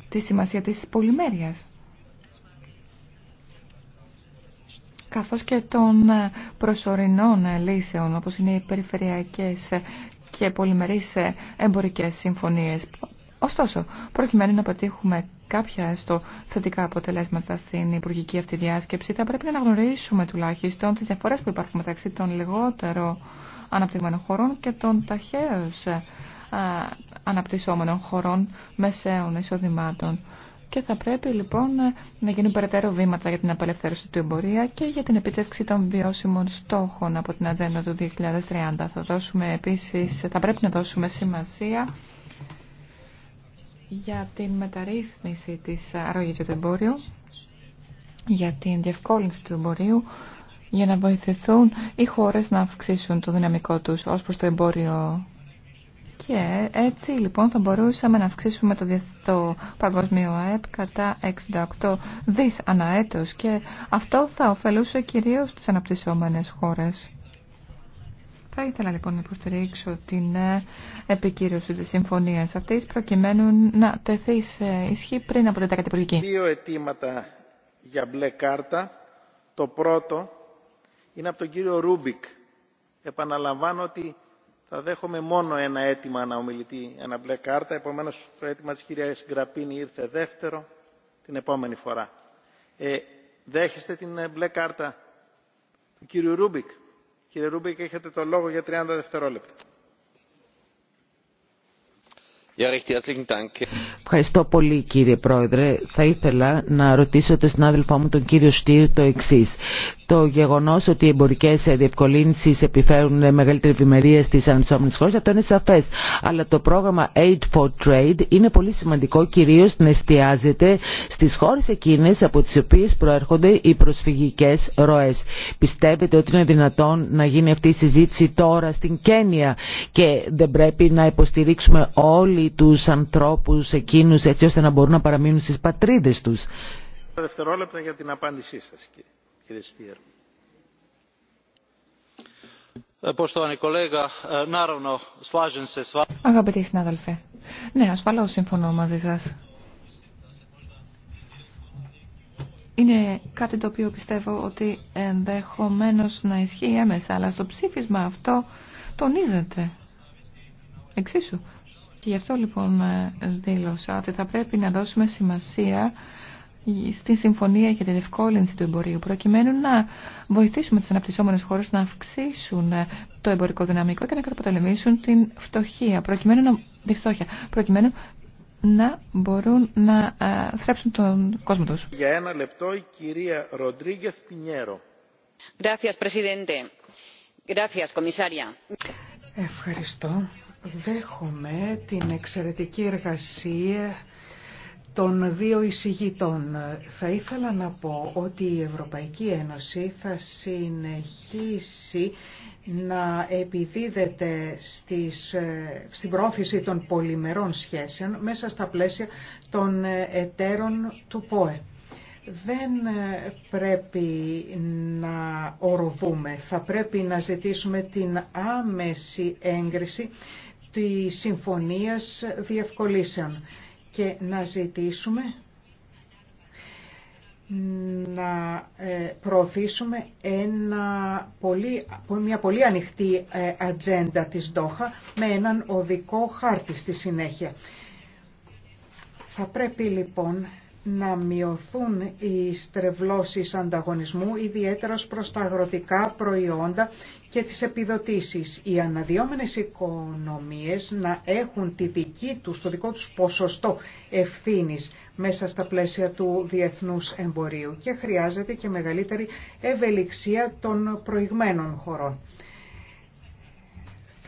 τη σημασία της πολυμέρειας καθώς και των ε, προσωρινών λύσεων όπως είναι οι περιφερειακές και πολυμερείς ε, εμπορικές συμφωνίες. Ωστόσο, προκειμένου να πετύχουμε κάποια στο θετικά αποτελέσματα στην υπουργική αυτή διάσκεψη, θα πρέπει να αναγνωρίσουμε τουλάχιστον τις διαφορές που υπάρχουν μεταξύ των λιγότερο αναπτυγμένων χωρών και των ταχαίως ε, αναπτυσσόμενων χωρών μεσαίων εισοδημάτων και θα πρέπει λοιπόν να γίνουν περαιτέρω βήματα για την απελευθέρωση του εμπορία και για την επιτεύξη των βιώσιμων στόχων από την ατζέντα του 2030. Θα, δώσουμε επίσης, θα πρέπει να δώσουμε σημασία για την μεταρρύθμιση της αρρώγης του εμπόριου, για την διευκόλυνση του εμπορίου, για να βοηθηθούν οι χώρες να αυξήσουν το δυναμικό τους ως προς το εμπόριο και έτσι λοιπόν θα μπορούσαμε να αυξήσουμε το, το παγκόσμιο ΑΕΠ κατά 68 δις αναέτος και αυτό θα ωφελούσε κυρίως τις αναπτυσσόμενες χώρες. Θα ήθελα λοιπόν να υποστηρίξω την ε, επικύρωση της συμφωνίας αυτής προκειμένου να τεθεί σε ισχύ πριν από την τακατυπουργική. Δύο αιτήματα για μπλε κάρτα. Το πρώτο είναι από τον κύριο Ρούμπικ. Επαναλαμβάνω ότι θα δέχομαι μόνο ένα αίτημα αναομιλητή, ένα μπλε κάρτα. Επομένω, το αίτημα τη κυρία Γκραπίνη ήρθε δεύτερο την επόμενη φορά. Ε, δέχεστε την ε, μπλε κάρτα του κύριου Ρούμπικ. Κύριε Ρούμπικ, έχετε το λόγο για 30 δευτερόλεπτα. Ευχαριστώ πολύ κύριε Πρόεδρε. Θα ήθελα να ρωτήσω τον συνάδελφό μου τον κύριο Στήρ το εξή το γεγονός ότι οι εμπορικές διευκολύνσεις επιφέρουν μεγαλύτερη ευημερία στις ανεψόμενες χώρες, αυτό είναι σαφές. Αλλά το πρόγραμμα Aid for Trade είναι πολύ σημαντικό, κυρίως να εστιάζεται στις χώρες εκείνες από τις οποίες προέρχονται οι προσφυγικές ροές. Πιστεύετε ότι είναι δυνατόν να γίνει αυτή η συζήτηση τώρα στην Κένια και δεν πρέπει να υποστηρίξουμε όλοι τους ανθρώπους εκείνους έτσι ώστε να μπορούν να παραμείνουν στις πατρίδες τους. Δευτερόλεπτα Αγαπητοί συνάδελφοι, ναι, ασφαλώς συμφωνώ μαζί σας. Είναι κάτι το οποίο πιστεύω ότι ενδεχομένω να ισχύει έμεσα, αλλά στο ψήφισμα αυτό τονίζεται εξίσου. Και γι' αυτό λοιπόν δήλωσα ότι θα πρέπει να δώσουμε σημασία στη Συμφωνία για τη Διευκόλυνση του Εμπορίου, προκειμένου να βοηθήσουμε τις αναπτυσσόμενες χώρες να αυξήσουν το εμπορικό δυναμικό και να καταπολεμήσουν την φτωχία, προκειμένου να, τη προκειμένου να μπορούν να ε, θρέψουν τον κόσμο τους. Για ένα λεπτό η κυρία Ροντρίγκεθ Πινιέρο. Ευχαριστώ. Δέχομαι την εξαιρετική εργασία των δύο εισηγητών. Θα ήθελα να πω ότι η Ευρωπαϊκή Ένωση θα συνεχίσει να επιδίδεται στις, ε, στην πρόθεση των πολυμερών σχέσεων μέσα στα πλαίσια των εταίρων του ΠΟΕ. Δεν ε, πρέπει να οροβούμε. Θα πρέπει να ζητήσουμε την άμεση έγκριση της Συμφωνίας Διευκολύσεων και να ζητήσουμε να ε, προωθήσουμε ένα πολύ, μια πολύ ανοιχτή ε, ατζέντα της Ντόχα με έναν οδικό χάρτη στη συνέχεια. Θα πρέπει λοιπόν να μειωθούν οι στρεβλώσεις ανταγωνισμού, ιδιαίτερα προς τα αγροτικά προϊόντα και τις επιδοτήσεις. Οι αναδιόμενες οικονομίες να έχουν τη δική τους, το δικό τους ποσοστό ευθύνης μέσα στα πλαίσια του διεθνούς εμπορίου και χρειάζεται και μεγαλύτερη ευελιξία των προηγμένων χωρών.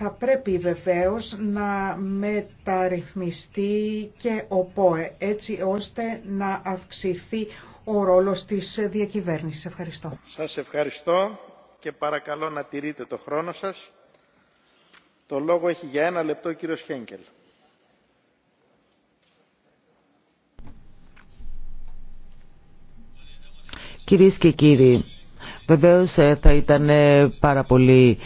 Θα πρέπει βεβαίως να μεταρρυθμιστεί και ο ΠΟΕ, έτσι ώστε να αυξηθεί ο ρόλος της διακυβέρνησης. Ευχαριστώ. Σας ευχαριστώ και παρακαλώ να τηρείτε το χρόνο σας. Το λόγο έχει για ένα λεπτό ο κύριος Χένκελ. Κυρίες και κύριοι, βεβαίως ε, θα ήταν ε, πάρα πολύ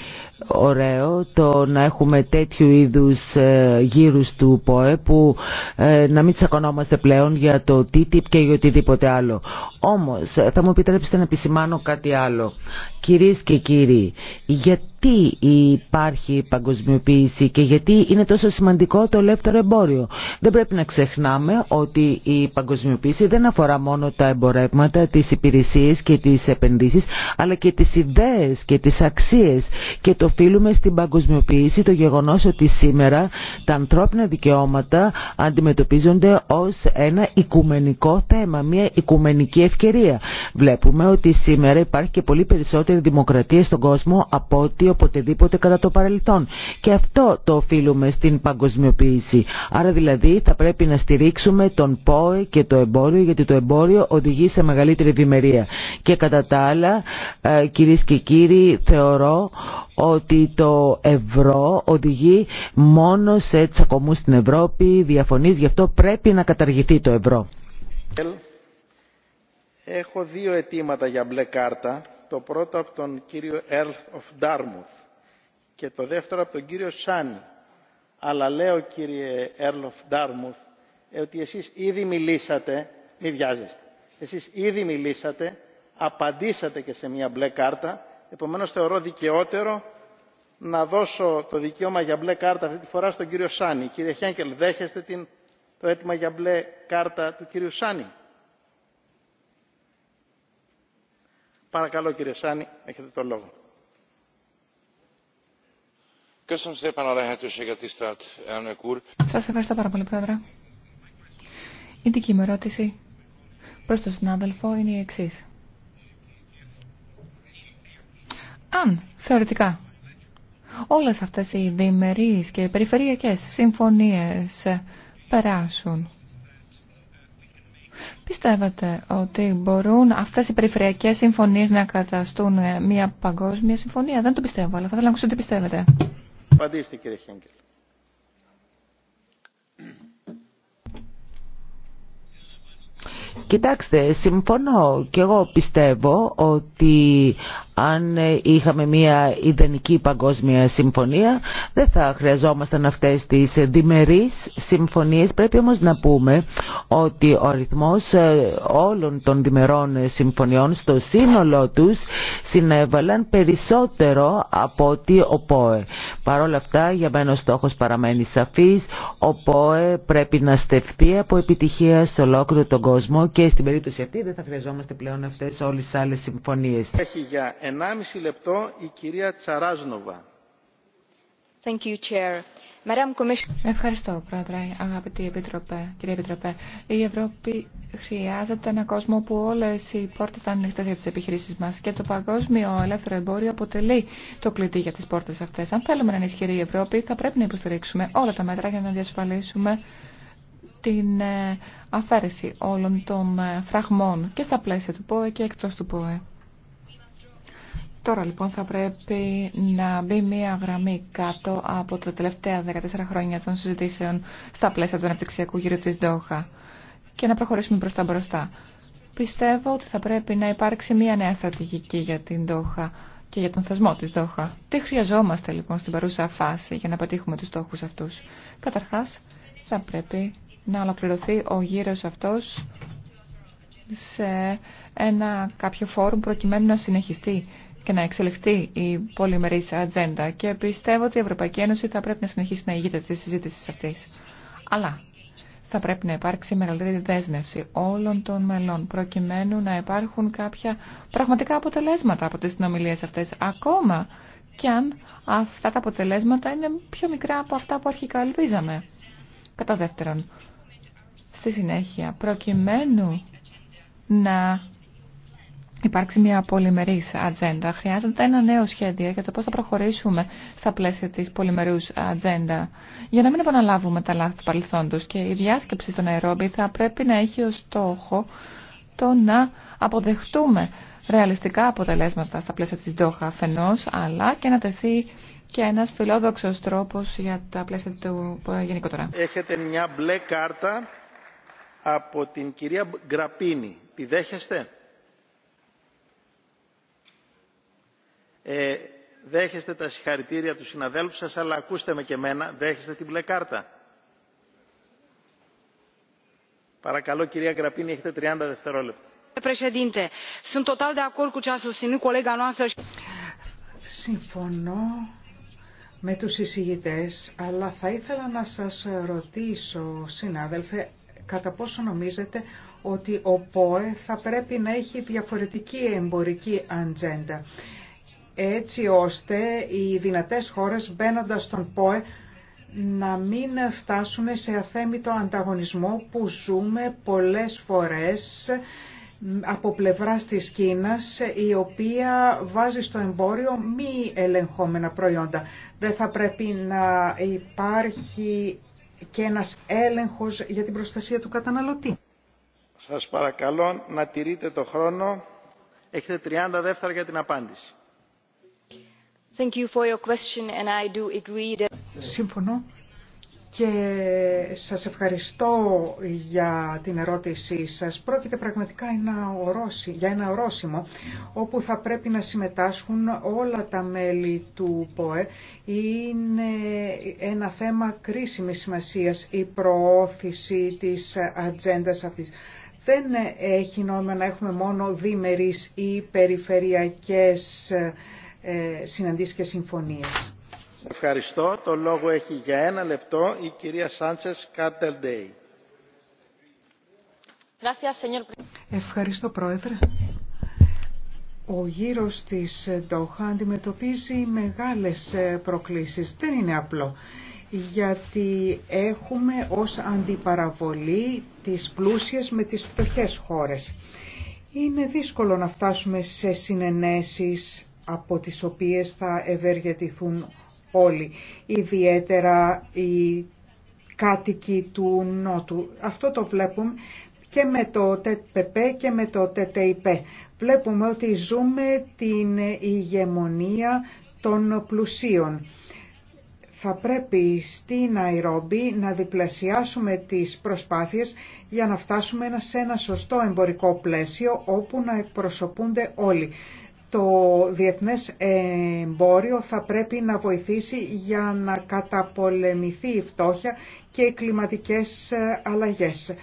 ωραίο το να έχουμε τέτοιου είδους ε, γύρους του ΠΟΕ που ε, να μην τσακωνόμαστε πλέον για το TTIP και για οτιδήποτε άλλο. Όμως θα μου επιτρέψετε να επισημάνω κάτι άλλο. Κυρίες και κύριοι, γιατί υπάρχει παγκοσμιοποίηση και γιατί είναι τόσο σημαντικό το ελεύθερο εμπόριο. Δεν πρέπει να ξεχνάμε ότι η παγκοσμιοποίηση δεν αφορά μόνο τα εμπορεύματα, τις υπηρεσίες και τις επενδύσεις, αλλά και τις ιδέες και τις αξίες και το οφείλουμε στην παγκοσμιοποίηση το γεγονός ότι σήμερα τα ανθρώπινα δικαιώματα αντιμετωπίζονται ως ένα οικουμενικό θέμα, μια οικουμενική ευκαιρία. Βλέπουμε ότι σήμερα υπάρχει και πολύ περισσότερη δημοκρατία στον κόσμο από ότι οποτεδήποτε κατά το παρελθόν. Και αυτό το οφείλουμε στην παγκοσμιοποίηση. Άρα δηλαδή θα πρέπει να στηρίξουμε τον ΠΟΕ και το εμπόριο γιατί το εμπόριο οδηγεί σε μεγαλύτερη ευημερία. Και κατά τα άλλα ε, κυρίες και κύριοι θεωρώ ότι ότι το ευρώ οδηγεί μόνο σε τσακωμούς στην Ευρώπη, διαφωνείς, γι' αυτό πρέπει να καταργηθεί το ευρώ. Έχω δύο αιτήματα για μπλε κάρτα. Το πρώτο από τον κύριο Earl of Dartmouth και το δεύτερο από τον κύριο Σάνι. Αλλά λέω κύριε Earl of Dartmouth ότι εσείς ήδη μιλήσατε, μη βιάζεστε, εσείς ήδη μιλήσατε, απαντήσατε και σε μια μπλε κάρτα, επομένως θεωρώ δικαιότερο να δώσω το δικαίωμα για μπλε κάρτα αυτή τη φορά στον κύριο Σάνι. Κύριε Χένκελ, δέχεστε την, το αίτημα για μπλε κάρτα του κύριου Σάνι. Παρακαλώ κύριε Σάνι, έχετε το λόγο. Σας ευχαριστώ πάρα πολύ, Πρόεδρε. Η δική μου ερώτηση προς τον συνάδελφο είναι η εξής. Αν θεωρητικά όλες αυτές οι διμερείς και περιφερειακές συμφωνίες περάσουν. Πιστεύετε ότι μπορούν αυτές οι περιφερειακές συμφωνίες να καταστούν μια παγκόσμια συμφωνία. Δεν το πιστεύω, αλλά θα ήθελα να ακούσω τι πιστεύετε. Απαντήστε κύριε Κοιτάξτε, συμφωνώ και εγώ πιστεύω ότι αν ε, είχαμε μια ιδανική παγκόσμια συμφωνία δεν θα χρειαζόμασταν αυτές τις διμερείς συμφωνίες. Πρέπει όμως να πούμε ότι ο αριθμό ε, όλων των διμερών συμφωνιών στο σύνολό τους συνέβαλαν περισσότερο από ότι ο ΠΟΕ. Παρ' όλα αυτά για μένα ο στόχος παραμένει σαφής. Ο ΠΟΕ πρέπει να στεφτεί από επιτυχία σε ολόκληρο τον κόσμο και στην περίπτωση αυτή δεν θα χρειαζόμαστε πλέον αυτές όλες τις άλλες συμφωνίες. Ευχαριστώ, Πρόεδρε, αγαπητή Επιτροπέ, κύριε Επιτροπέ. Η Ευρώπη χρειάζεται έναν κόσμο που όλε οι πόρτε θα είναι ανοιχτέ για τι επιχειρήσει μα και το παγκόσμιο ελεύθερο εμπόριο αποτελεί το κλειδί για τι πόρτε αυτέ. Αν θέλουμε να είναι ισχυρή η Ευρώπη, θα πρέπει να υποστηρίξουμε όλα τα μέτρα για να διασφαλίσουμε την ε, αφαίρεση όλων των ε, φραγμών και στα πλαίσια του ΠΟΕ και εκτό του ΠΟΕ. Τώρα λοιπόν θα πρέπει να μπει μία γραμμή κάτω από τα τελευταία 14 χρόνια των συζητήσεων στα πλαίσια του αναπτυξιακού γύρου της Ντόχα και να προχωρήσουμε προς τα μπροστά. Πιστεύω ότι θα πρέπει να υπάρξει μία νέα στρατηγική για την Ντόχα και για τον θεσμό της Δόχα. Τι χρειαζόμαστε λοιπόν στην παρούσα φάση για να πετύχουμε τους στόχους αυτούς. Καταρχάς θα πρέπει να ολοκληρωθεί ο γύρος αυτός σε ένα κάποιο φόρουμ προκειμένου να συνεχιστεί και να εξελιχθεί η πολυμερής ατζέντα και πιστεύω ότι η Ευρωπαϊκή Ένωση θα πρέπει να συνεχίσει να ηγείται τη συζήτηση αυτή. Αλλά θα πρέπει να υπάρξει μεγαλύτερη δέσμευση όλων των μελών προκειμένου να υπάρχουν κάποια πραγματικά αποτελέσματα από τις συνομιλίες αυτές ακόμα και αν αυτά τα αποτελέσματα είναι πιο μικρά από αυτά που αρχικά ελπίζαμε. Κατά δεύτερον, στη συνέχεια, προκειμένου να υπάρξει μια πολυμερής ατζέντα. Χρειάζεται ένα νέο σχέδιο για το πώς θα προχωρήσουμε στα πλαίσια της πολυμερούς ατζέντα για να μην επαναλάβουμε τα λάθη του παρελθόντος και η διάσκεψη στον Αερόμπι θα πρέπει να έχει ως στόχο το να αποδεχτούμε ρεαλιστικά αποτελέσματα στα πλαίσια της Ντόχα αφενός, αλλά και να τεθεί και ένας φιλόδοξος τρόπος για τα πλαίσια του ε, γενικότερα. Έχετε μια μπλε κάρτα από την κυρία Γκραπίνη. Τη δέχεστε? Ε, δέχεστε τα συγχαρητήρια του συναδέλφου σας, αλλά ακούστε με και μένα, δέχεστε την μπλε κάρτα. Παρακαλώ κυρία Γραπίνη, έχετε 30 δευτερόλεπτα. Συμφωνώ με τους εισηγητές, αλλά θα ήθελα να σας ρωτήσω, συνάδελφε, κατά πόσο νομίζετε ότι ο ΠΟΕ θα πρέπει να έχει διαφορετική εμπορική ατζέντα έτσι ώστε οι δυνατές χώρες μπαίνοντα στον ΠΟΕ να μην φτάσουν σε αθέμητο ανταγωνισμό που ζούμε πολλές φορές από πλευρά της Κίνας η οποία βάζει στο εμπόριο μη ελεγχόμενα προϊόντα. Δεν θα πρέπει να υπάρχει και ένας έλεγχος για την προστασία του καταναλωτή. Σας παρακαλώ να τηρείτε το χρόνο. Έχετε 30 δεύτερα για την απάντηση. Thank και σας ευχαριστώ για την ερώτησή σας. Πρόκειται πραγματικά ένα ορόσι, για ένα ορόσημο όπου θα πρέπει να συμμετάσχουν όλα τα μέλη του ΠΟΕ. Είναι ένα θέμα κρίσιμης σημασίας η προώθηση της ατζέντα αυτής. Δεν έχει νόημα να έχουμε μόνο δίμερις ή περιφερειακές ε, συναντήσεις και συμφωνίες. Ευχαριστώ. Το λόγο έχει για ένα λεπτό η κυρία Σάντσες Ντέι. Ευχαριστώ Πρόεδρε. Ο γύρος της Ντόχα αντιμετωπίζει μεγάλες ε, προκλήσεις. Δεν είναι απλό γιατί έχουμε ως αντιπαραβολή τις πλούσιες με τις φτωχές χώρες. Είναι δύσκολο να φτάσουμε σε συνενέσεις από τις οποίες θα ευεργετηθούν όλοι, ιδιαίτερα οι κάτοικοι του Νότου. Αυτό το βλέπουμε και με το ΤΠΠ και με το ΤΤΙΠ. Βλέπουμε ότι ζούμε την ηγεμονία των πλουσίων. Θα πρέπει στην Αϊρόμπη να διπλασιάσουμε τις προσπάθειες για να φτάσουμε σε ένα σωστό εμπορικό πλαίσιο όπου να εκπροσωπούνται όλοι το διεθνές εμπόριο θα πρέπει να βοηθήσει για να καταπολεμηθεί η φτώχεια και οι κλιματικές αλλαγές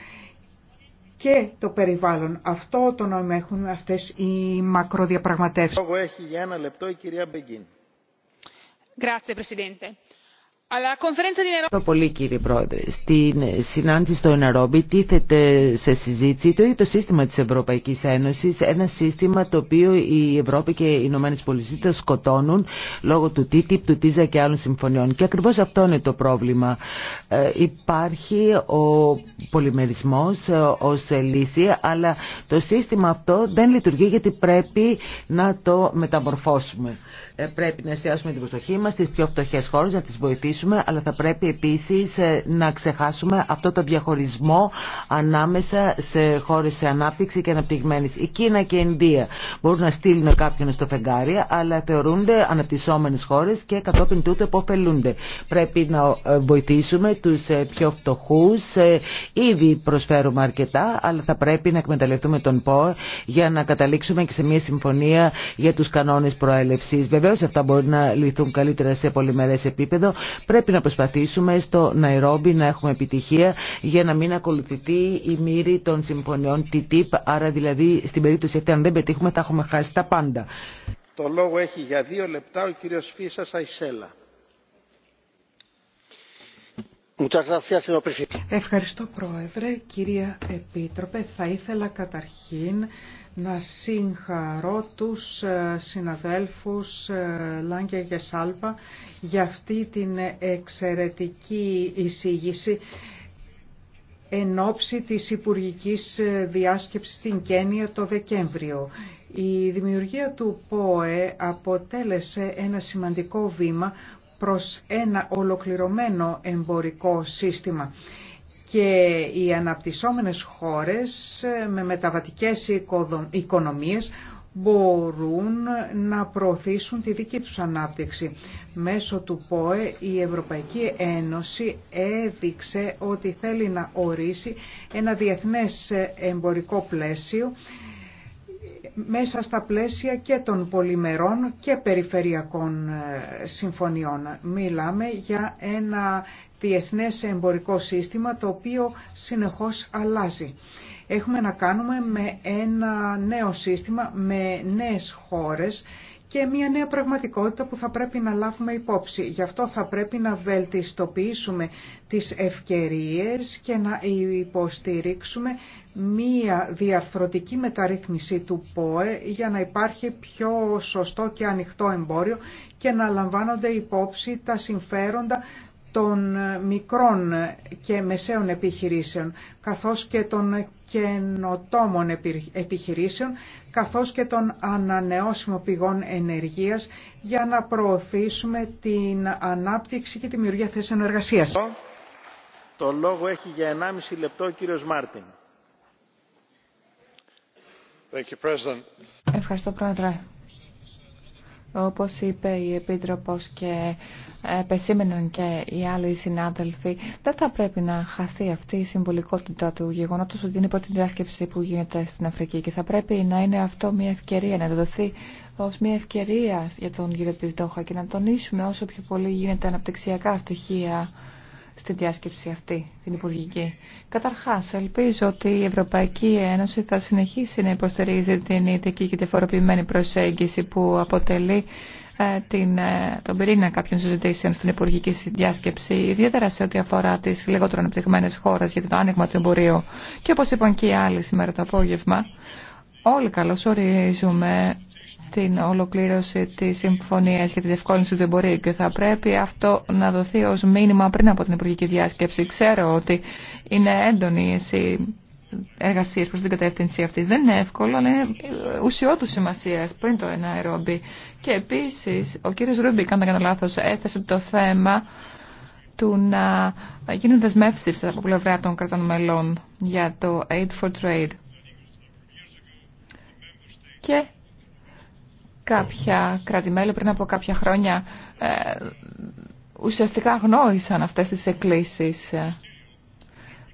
και το περιβάλλον. Αυτό το νόημα έχουν αυτές οι μακροδιαπραγματεύσεις. Λόγο έχει για ένα λεπτό η κυρία Μπεγκίν. Grazie, Ευχαριστώ πολύ κύριε Πρόεδρε. Στην συνάντηση στο Εναρόμπι τίθεται σε συζήτηση το ίδιο το σύστημα της Ευρωπαϊκής Ένωσης, ένα σύστημα το οποίο η Ευρώπη και οι Ηνωμένε Πολιτείε σκοτώνουν λόγω του TTIP, του TISA και άλλων συμφωνιών. Και ακριβώς αυτό είναι το πρόβλημα. Ε, υπάρχει ο πολυμερισμός ε, ως λύση, αλλά το σύστημα αυτό δεν λειτουργεί γιατί πρέπει να το μεταμορφώσουμε. Ε, πρέπει να εστιάσουμε την προσοχή μας στις πιο φτωχές χώρες, να τις βοηθήσουμε συνεχίσουμε, αλλά θα πρέπει επίσης ε, να ξεχάσουμε αυτό το διαχωρισμό ανάμεσα σε χώρες σε ανάπτυξη και αναπτυγμένες. Η Κίνα και η Ινδία μπορούν να στείλουν κάποιον στο φεγγάρι, αλλά θεωρούνται αναπτυσσόμενες χώρες και κατόπιν τούτου υποφελούνται. Πρέπει να ε, βοηθήσουμε τους ε, πιο φτωχούς. Ήδη προσφέρουμε αρκετά, αλλά θα πρέπει να εκμεταλλευτούμε τον ΠΟ για να καταλήξουμε και σε μια συμφωνία για τους κανόνες προέλευσης. Βεβαίως αυτά μπορεί να λυθούν καλύτερα σε πολυμερές επίπεδο. Πρέπει να προσπαθήσουμε στο Ναϊρόμπι να έχουμε επιτυχία για να μην ακολουθηθεί η μοίρη των συμφωνιών TTIP. Άρα δηλαδή στην περίπτωση αυτή αν δεν πετύχουμε θα έχουμε χάσει τα πάντα. Το λόγο έχει για δύο λεπτά ο κύριος Φίσας Αϊσέλα. Ευχαριστώ Πρόεδρε. Κυρία Επίτροπε, θα ήθελα καταρχήν να συγχαρώ τους ε, συναδέλφους ε, Λάγκια και Σάλπα για αυτή την εξαιρετική εισήγηση εν ώψη της Υπουργικής Διάσκεψης στην Κένια το Δεκέμβριο. Η δημιουργία του ΠΟΕ αποτέλεσε ένα σημαντικό βήμα προς ένα ολοκληρωμένο εμπορικό σύστημα και οι αναπτυσσόμενες χώρες ε, με μεταβατικές οικονομίες μπορούν να προωθήσουν τη δική τους ανάπτυξη. Μέσω του ΠΟΕ η Ευρωπαϊκή Ένωση έδειξε ότι θέλει να ορίσει ένα διεθνές ε, εμπορικό πλαίσιο μέσα στα πλαίσια και των πολυμερών και περιφερειακών ε, συμφωνιών. Μιλάμε για ένα διεθνές εμπορικό σύστημα το οποίο συνεχώς αλλάζει. Έχουμε να κάνουμε με ένα νέο σύστημα, με νέες χώρες και μια νέα πραγματικότητα που θα πρέπει να λάβουμε υπόψη. Γι' αυτό θα πρέπει να βελτιστοποιήσουμε τις ευκαιρίες και να υποστηρίξουμε μια διαρθρωτική μεταρρύθμιση του ΠΟΕ για να υπάρχει πιο σωστό και ανοιχτό εμπόριο και να λαμβάνονται υπόψη τα συμφέροντα των ε, μικρών και μεσαίων επιχειρήσεων, καθώς και των καινοτόμων επιχειρήσεων, καθώς και των ανανεώσιμων πηγών ενεργείας για να προωθήσουμε την ανάπτυξη και τη δημιουργία θέσεων εργασίας. Το λόγο έχει για 1,5 λεπτό ο κύριος Μάρτιν. Ευχαριστώ, Πρόεδρε. Όπως είπε η Επίτροπος και επεσήμεναν και οι άλλοι συνάδελφοι, δεν θα πρέπει να χαθεί αυτή η συμβολικότητα του γεγονότος ότι είναι η πρώτη διάσκεψη που γίνεται στην Αφρική και θα πρέπει να είναι αυτό μια ευκαιρία, να δοθεί ως μια ευκαιρία για τον γύρο της Δόχα και να τονίσουμε όσο πιο πολύ γίνεται αναπτυξιακά στοιχεία στη διάσκεψη αυτή, την Υπουργική. Καταρχά, ελπίζω ότι η Ευρωπαϊκή Ένωση θα συνεχίσει να υποστηρίζει την ηθική και διαφοροποιημένη προσέγγιση που αποτελεί ε, την, ε, τον πυρήνα κάποιων συζητήσεων στην Υπουργική Διάσκεψη, ιδιαίτερα σε ό,τι αφορά τι λιγότερο ανεπτυγμένε χώρε για το άνοιγμα του εμπορίου. Και όπω είπαν και οι άλλοι σήμερα το απόγευμα, όλοι καλώ ορίζουμε την ολοκλήρωση της συμφωνίας για τη διευκόλυνση του εμπορίου και θα πρέπει αυτό να δοθεί ως μήνυμα πριν από την Υπουργική Διάσκεψη. Ξέρω ότι είναι έντονη η εργασία προς την κατεύθυνση αυτής. Δεν είναι εύκολο, αλλά είναι ουσιώδου σημασία πριν το ένα αερόμπι. Και επίσης, ο κύριος Ρούμπι, αν δεν κάνω έθεσε το θέμα του να γίνουν δεσμεύσεις από πλευρά των κρατών μελών για το Aid for Trade. Και κάποια κρατημέλη πριν από κάποια χρόνια ε, ουσιαστικά γνώρισαν αυτές τις εκκλήσεις.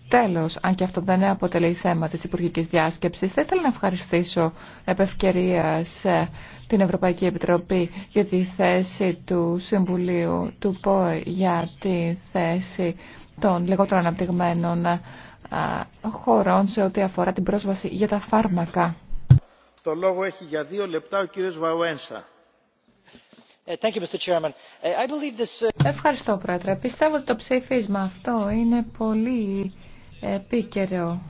Τέλος, αν και αυτό δεν αποτελεί θέμα της Υπουργική Διάσκεψης, θα ήθελα να ευχαριστήσω επ' ευκαιρίας ε, την Ευρωπαϊκή Επιτροπή για τη θέση του Συμβουλίου του ΠΟΕ για τη θέση των λιγότερων αναπτυγμένων ε, χωρών σε ό,τι αφορά την πρόσβαση για τα φάρμακα. Το λόγο έχει για δύο λεπτά ο κύριος Βαουένσα. Ε, ε, ε, Ευχαριστώ, Πρόεδρε. Πιστεύω ότι το ψήφισμα αυτό είναι πολύ επίκαιρο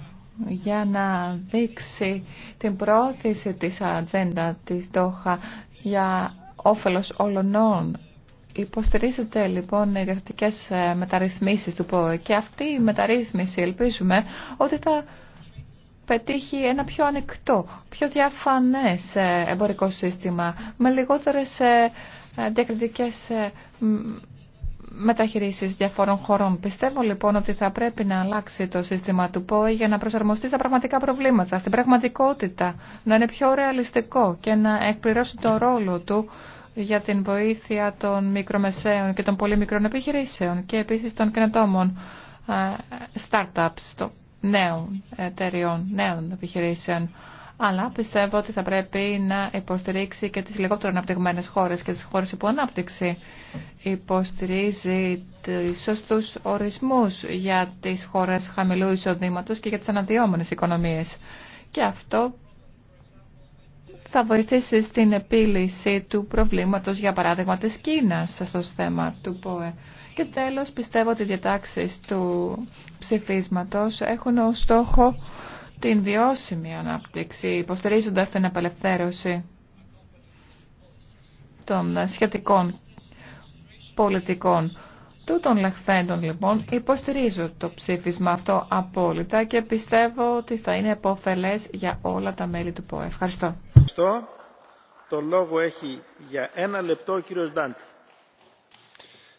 για να δείξει την πρόθεση της ατζέντα της Δόχα για όφελος όλων Υποστηρίζεται λοιπόν οι διαθετικές μεταρρυθμίσεις του ΠΟΕ και αυτή η μεταρρύθμιση ελπίζουμε ότι θα πετύχει ένα πιο ανοιχτό, πιο διαφανές ε, εμπορικό σύστημα, με λιγότερες ε, ε, διακριτικές μεταχειρήσεις διαφόρων χωρών. Πιστεύω λοιπόν ότι θα πρέπει να αλλάξει το σύστημα του ΠΟΗ για να προσαρμοστεί στα πραγματικά προβλήματα, στην πραγματικότητα, να είναι πιο ρεαλιστικό και να εκπληρώσει τον ρόλο του για την βοήθεια των μικρομεσαίων και των πολύ μικρών επιχειρήσεων και επίσης των καινοτόμων startups, νέων εταιριών, νέων επιχειρήσεων. Αλλά πιστεύω ότι θα πρέπει να υποστηρίξει και τις λιγότερο αναπτυγμένες χώρες και τις χώρες που ανάπτυξη. Υποστηρίζει τους σωστούς ορισμούς για τις χώρες χαμηλού εισοδήματος και για τις αναδυόμενες οικονομίες. Και αυτό θα βοηθήσει στην επίλυση του προβλήματος, για παράδειγμα, της Κίνας στο θέμα του ΠΟΕ. Και τέλος πιστεύω ότι οι διατάξεις του ψηφίσματος έχουν ως στόχο την βιώσιμη ανάπτυξη, υποστηρίζοντας την απελευθέρωση των σχετικών πολιτικών. Τούτων λεχθέντων λοιπόν υποστηρίζω το ψήφισμα αυτό απόλυτα και πιστεύω ότι θα είναι επωφελές για όλα τα μέλη του ΠΟΕ. Ευχαριστώ. Το λόγο έχει για ένα λεπτό ο κύριος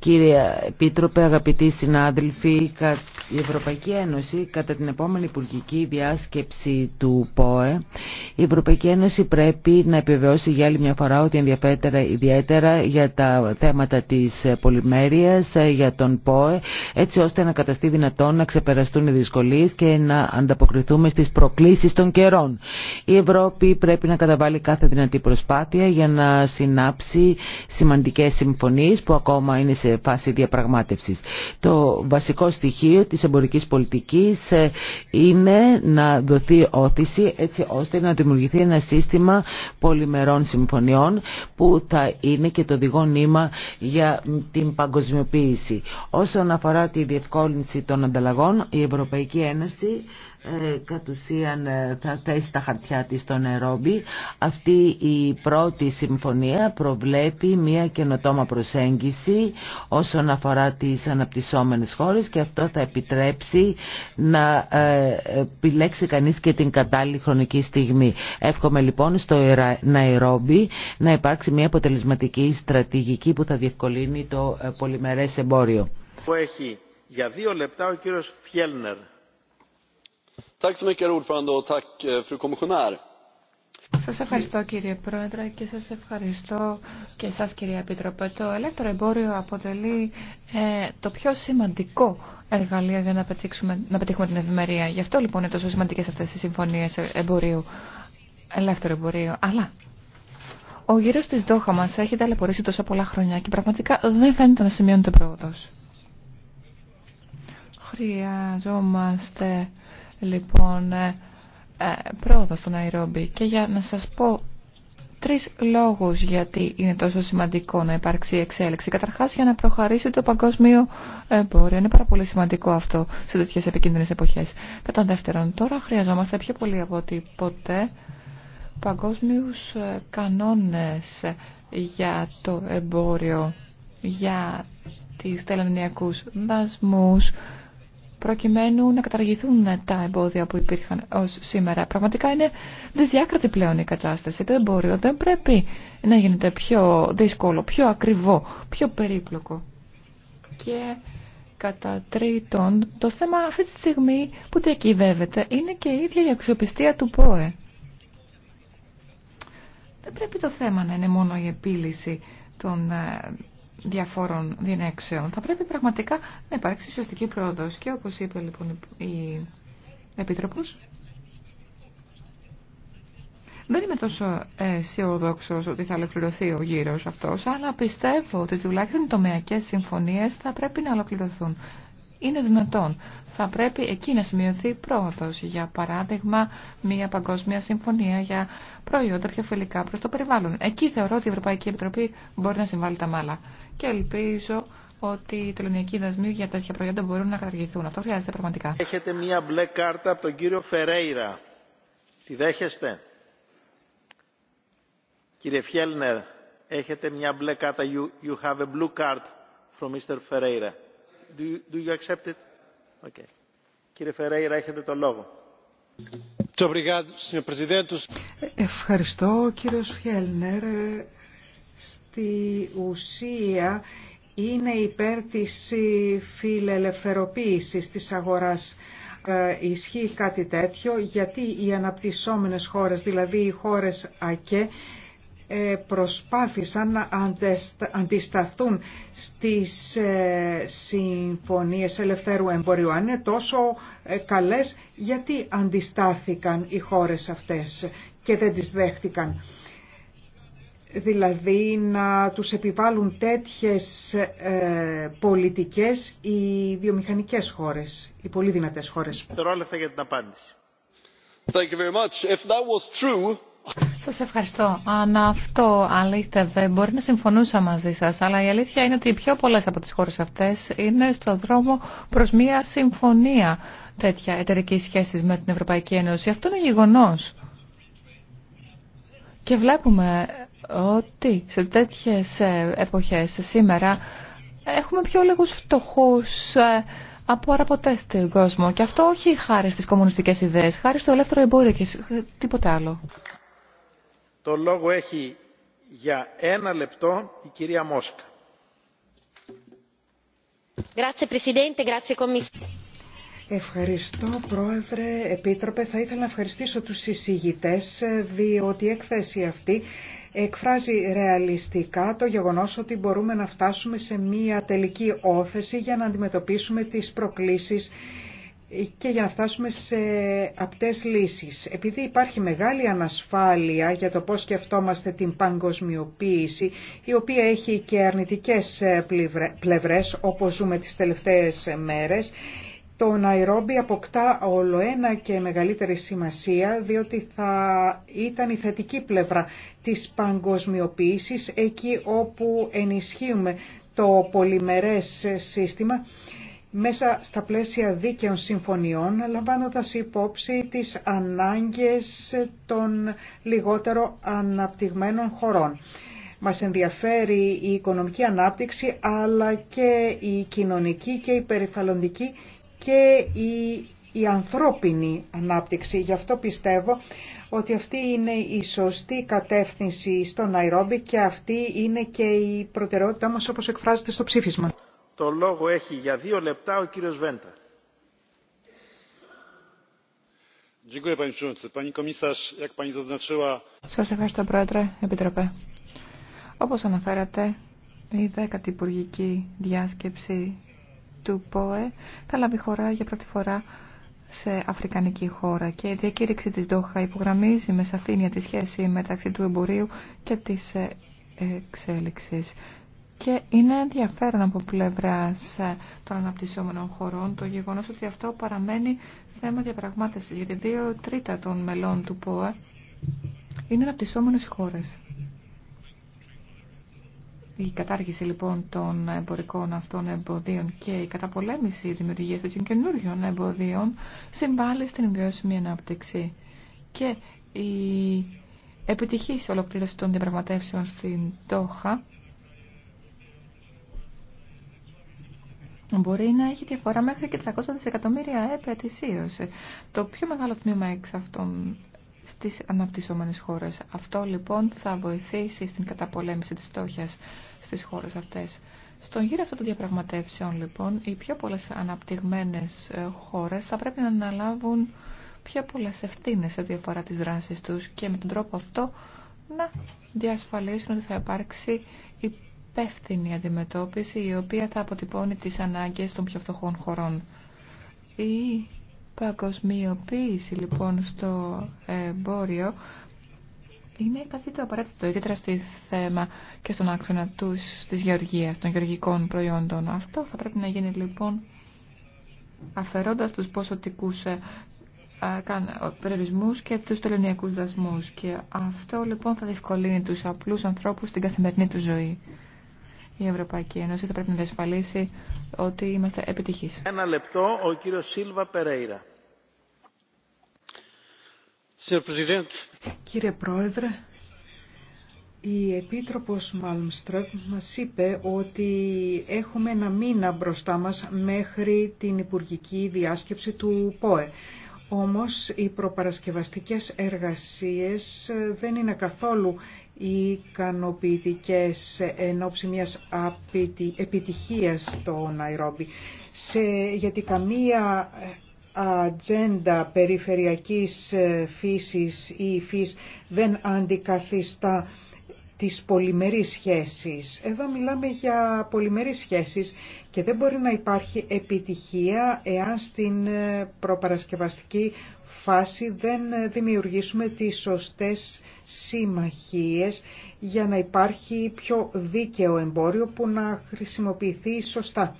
Κύριε Επίτροπε, αγαπητοί συνάδελφοι, η Ευρωπαϊκή Ένωση κατά την επόμενη υπουργική διάσκεψη του ΠΟΕ, η Ευρωπαϊκή Ένωση πρέπει να επιβεβαιώσει για άλλη μια φορά ότι ενδιαφέρεται ιδιαίτερα για τα θέματα της πολυμέρειας, ε, για τον ΠΟΕ, έτσι ώστε να καταστεί δυνατόν να ξεπεραστούν οι δυσκολίες και να ανταποκριθούμε στις προκλήσεις των καιρών. Η Ευρώπη πρέπει να καταβάλει κάθε δυνατή προσπάθεια για να συνάψει σημαντικές συμφωνίες που ακόμα είναι σε φάση διαπραγμάτευσης. Το βασικό στοιχείο της εμπορικής πολιτικής ε, είναι να δοθεί όθηση έτσι ώστε να δημιουργηθεί ένα σύστημα πολυμερών συμφωνιών που θα είναι και το οδηγό νήμα για την παγκοσμιοποίηση. Όσον αφορά τη διευκόλυνση των ανταλλαγών, η Ευρωπαϊκή Ένωση ε, κατ' ουσίαν ε, θα θέσει τα χαρτιά της στο Νερόμπι. Αυτή η πρώτη συμφωνία προβλέπει μια καινοτόμα προσέγγιση όσον αφορά τις αναπτυσσόμενες χώρες και αυτό θα επιτρέψει να ε, επιλέξει κανείς και την κατάλληλη χρονική στιγμή. Εύχομαι λοιπόν στο Ναϊρόμπι να υπάρξει μια αποτελεσματική στρατηγική που θα διευκολύνει το πολυμερές εμπόριο. έχει για δύο λεπτά ο κύριος Φιέλνερ. Eh, σας ευχαριστώ κύριε Πρόεδρε και σας ευχαριστώ και εσάς κυρία Επίτροπε. Το ελεύθερο εμπόριο αποτελεί ε, το πιο σημαντικό εργαλείο για να, να πετύχουμε την ευημερία. Γι' αυτό λοιπόν είναι τόσο σημαντικές αυτές οι συμφωνίες εμπορίου, ελεύθερο εμπορίο. Αλλά ο γύρος της Δόχα μας έχει ταλαιπωρήσει τόσα πολλά χρόνια και πραγματικά δεν φαίνεται να σημειώνεται πρόοδος. Χρειαζόμαστε λοιπόν ε, ε, πρόοδο στο Ναϊρόμπι και για να σας πω τρεις λόγους γιατί είναι τόσο σημαντικό να υπάρξει εξέλιξη. Καταρχάς για να προχωρήσει το παγκόσμιο εμπόριο. Είναι πάρα πολύ σημαντικό αυτό σε τέτοιες επικίνδυνες εποχές. Κατά δεύτερον, τώρα χρειαζόμαστε πιο πολύ από ότι ποτέ παγκόσμιους ε, κανόνες για το εμπόριο, για τις τελωνιακούς δασμούς, προκειμένου να καταργηθούν τα εμπόδια που υπήρχαν ως σήμερα. Πραγματικά είναι δυσδιάκριτη πλέον η κατάσταση. Το εμπόριο δεν πρέπει να γίνεται πιο δύσκολο, πιο ακριβό, πιο περίπλοκο. Και κατά τρίτον, το θέμα αυτή τη στιγμή που διακυβεύεται είναι και η ίδια η αξιοπιστία του ΠΟΕ. Δεν πρέπει το θέμα να είναι μόνο η επίλυση των ε, διαφόρων διενέξεων. Θα πρέπει πραγματικά να υπάρξει ουσιαστική πρόοδος και όπως είπε λοιπόν η Επίτροπος, δεν είμαι τόσο αισιόδοξο ότι θα ολοκληρωθεί ο γύρο αυτό, αλλά πιστεύω ότι τουλάχιστον οι τομεακέ συμφωνίε θα πρέπει να ολοκληρωθούν. Είναι δυνατόν. Θα πρέπει εκεί να σημειωθεί πρόοδο. Για παράδειγμα, μια παγκόσμια συμφωνία για προϊόντα πιο φιλικά προ το περιβάλλον. Εκεί θεωρώ ότι η Ευρωπαϊκή Επιτροπή μπορεί να συμβάλλει τα μάλα και ελπίζω ότι οι τελωνιακοί δασμοί για τέτοια προϊόντα μπορούν να καταργηθούν. Αυτό χρειάζεται πραγματικά. Έχετε μία μπλε κάρτα από τον κύριο Φερέιρα. Τη δέχεστε. Κύριε Φιέλνερ, έχετε μία μπλε κάρτα. You, you have a blue card from Mr. Ferreira. Do you, do you accept it? Okay. Κύριε Φερέιρα, έχετε το λόγο. Ευχαριστώ, κύριος Φιέλνερ στη ουσία είναι υπέρ της φιλελευθεροποίησης της αγοράς. Ε, ισχύει κάτι τέτοιο γιατί οι αναπτυσσόμενες χώρες, δηλαδή οι χώρες ΑΚΕ, ε, προσπάθησαν να αντισταθούν στις ε, συμφωνίες ελευθέρου εμπορίου. Αν είναι τόσο καλές, γιατί αντιστάθηκαν οι χώρες αυτές και δεν τις δέχτηκαν δηλαδή να τους επιβάλλουν τέτοιες ε, πολιτικές οι βιομηχανικές χώρες, οι πολύ δυνατές χώρες. για την απάντηση. Thank you very much. If that was true... Σας ευχαριστώ. Αν αυτό δεν μπορεί να συμφωνούσα μαζί σας, αλλά η αλήθεια είναι ότι οι πιο πολλές από τις χώρες αυτές είναι στο δρόμο προς μια συμφωνία τέτοια εταιρική σχέση με την Ευρωπαϊκή Ένωση. Αυτό είναι γεγονός. Και βλέπουμε ότι σε τέτοιες ε, εποχές σήμερα έχουμε πιο λίγους φτωχούς ε, από άρα στον κόσμο. Και αυτό όχι χάρη στις κομμουνιστικές ιδέες, χάρη στο ελεύθερο εμπόριο και τίποτα άλλο. Το λόγο έχει για ένα λεπτό η κυρία Μόσκα. Ευχαριστώ Πρόεδρε, Επίτροπε. Θα ήθελα να ευχαριστήσω τους συζητητές ε, διότι η έκθεση αυτή εκφράζει ρεαλιστικά το γεγονός ότι μπορούμε να φτάσουμε σε μία τελική όθεση για να αντιμετωπίσουμε τις προκλήσεις και για να φτάσουμε σε απτές λύσεις. Επειδή υπάρχει μεγάλη ανασφάλεια για το πώς σκεφτόμαστε την παγκοσμιοποίηση, η οποία έχει και αρνητικές πλευρές, όπως ζούμε τις τελευταίες μέρες, το Ναϊρόμπι αποκτά όλο ένα και μεγαλύτερη σημασία διότι θα ήταν η θετική πλευρά της παγκοσμιοποίησης εκεί όπου ενισχύουμε το πολυμερές σύστημα μέσα στα πλαίσια δίκαιων συμφωνιών, λαμβάνοντας υπόψη τις ανάγκες των λιγότερο αναπτυγμένων χωρών. Μας ενδιαφέρει η οικονομική ανάπτυξη, αλλά και η κοινωνική και η περιφαλλοντική και η, ανθρώπινη ανάπτυξη. Γι' αυτό πιστεύω ότι αυτή είναι η σωστή κατεύθυνση στο Ναϊρόμπι και αυτή είναι και η προτεραιότητά μας όπως εκφράζεται στο ψήφισμα. Το λόγο έχει για δύο λεπτά ο κύριος Βέντα. Σας ευχαριστώ Πρόεδρε, Επιτροπέ. Όπως αναφέρατε, η 10η Υπουργική Διάσκεψη του ΠΟΕ θα λάβει χώρα για πρώτη φορά σε αφρικανική χώρα και η διακήρυξη της ΔΟΧΑ υπογραμμίζει με σαφήνεια τη σχέση μεταξύ του εμπορίου και της ε, εξέλιξης. Και είναι ενδιαφέρον από πλευρά ε, των αναπτυσσόμενων χωρών το γεγονός ότι αυτό παραμένει θέμα διαπραγμάτευσης γιατί δύο τρίτα των μελών του ΠΟΕ είναι αναπτυσσόμενες χώρες. Η κατάργηση λοιπόν των εμπορικών αυτών εμποδίων και η καταπολέμηση δημιουργία τέτοιων καινούριων εμποδίων συμβάλλει στην βιώσιμη ανάπτυξη. Και η σε ολοκλήρωση των διαπραγματεύσεων στην Τόχα μπορεί να έχει διαφορά μέχρι και 300 δισεκατομμύρια ΕΠΕ Το πιο μεγάλο τμήμα εξ αυτών στις αναπτυσσόμενες χώρες. Αυτό λοιπόν θα βοηθήσει στην καταπολέμηση της στόχιας στις χώρες αυτές. Στον γύρο αυτών των διαπραγματεύσεων, λοιπόν, οι πιο πολλές αναπτυγμένες ε, χώρες θα πρέπει να αναλάβουν πιο πολλές ευθύνες ό,τι αφορά τις δράσεις τους και με τον τρόπο αυτό να διασφαλίσουν ότι θα υπάρξει υπεύθυνη αντιμετώπιση η οποία θα αποτυπώνει τις ανάγκες των πιο φτωχών χωρών. Η παγκοσμιοποίηση λοιπόν στο εμπόριο είναι κάτι το απαραίτητο, ιδιαίτερα στη θέμα και στον άξονα τους, της γεωργίας, των γεωργικών προϊόντων. Αυτό θα πρέπει να γίνει λοιπόν αφαιρώντας τους ποσοτικούς ε, περιορισμούς και τους τελωνιακούς δασμούς. Και αυτό λοιπόν θα διευκολύνει τους απλούς ανθρώπους στην καθημερινή του ζωή. Η Ευρωπαϊκή Ένωση θα πρέπει να διασφαλίσει ότι είμαστε επιτυχείς. Ένα λεπτό, ο κύριος Σίλβα Περέιρα. Κύριε Πρόεδρε, η Επίτροπος Μάλμστρεπ μας είπε ότι έχουμε ένα μήνα μπροστά μας μέχρι την Υπουργική Διάσκεψη του ΠΟΕ. Όμως οι προπαρασκευαστικές εργασίες δεν είναι καθόλου ικανοποιητικές εν ώψη μιας επιτυχίας στο Ναϊρόμπι. Σε, γιατί καμία ατζέντα περιφερειακής ε, φύσης ή υφής δεν αντικαθιστά τις πολυμερείς σχέσεις. Εδώ μιλάμε για πολυμερείς σχέσεις και δεν μπορεί να υπάρχει επιτυχία εάν στην ε, προπαρασκευαστική φάση δεν ε, δημιουργήσουμε τις σωστές συμμαχίες για να υπάρχει πιο δίκαιο εμπόριο που να χρησιμοποιηθεί σωστά.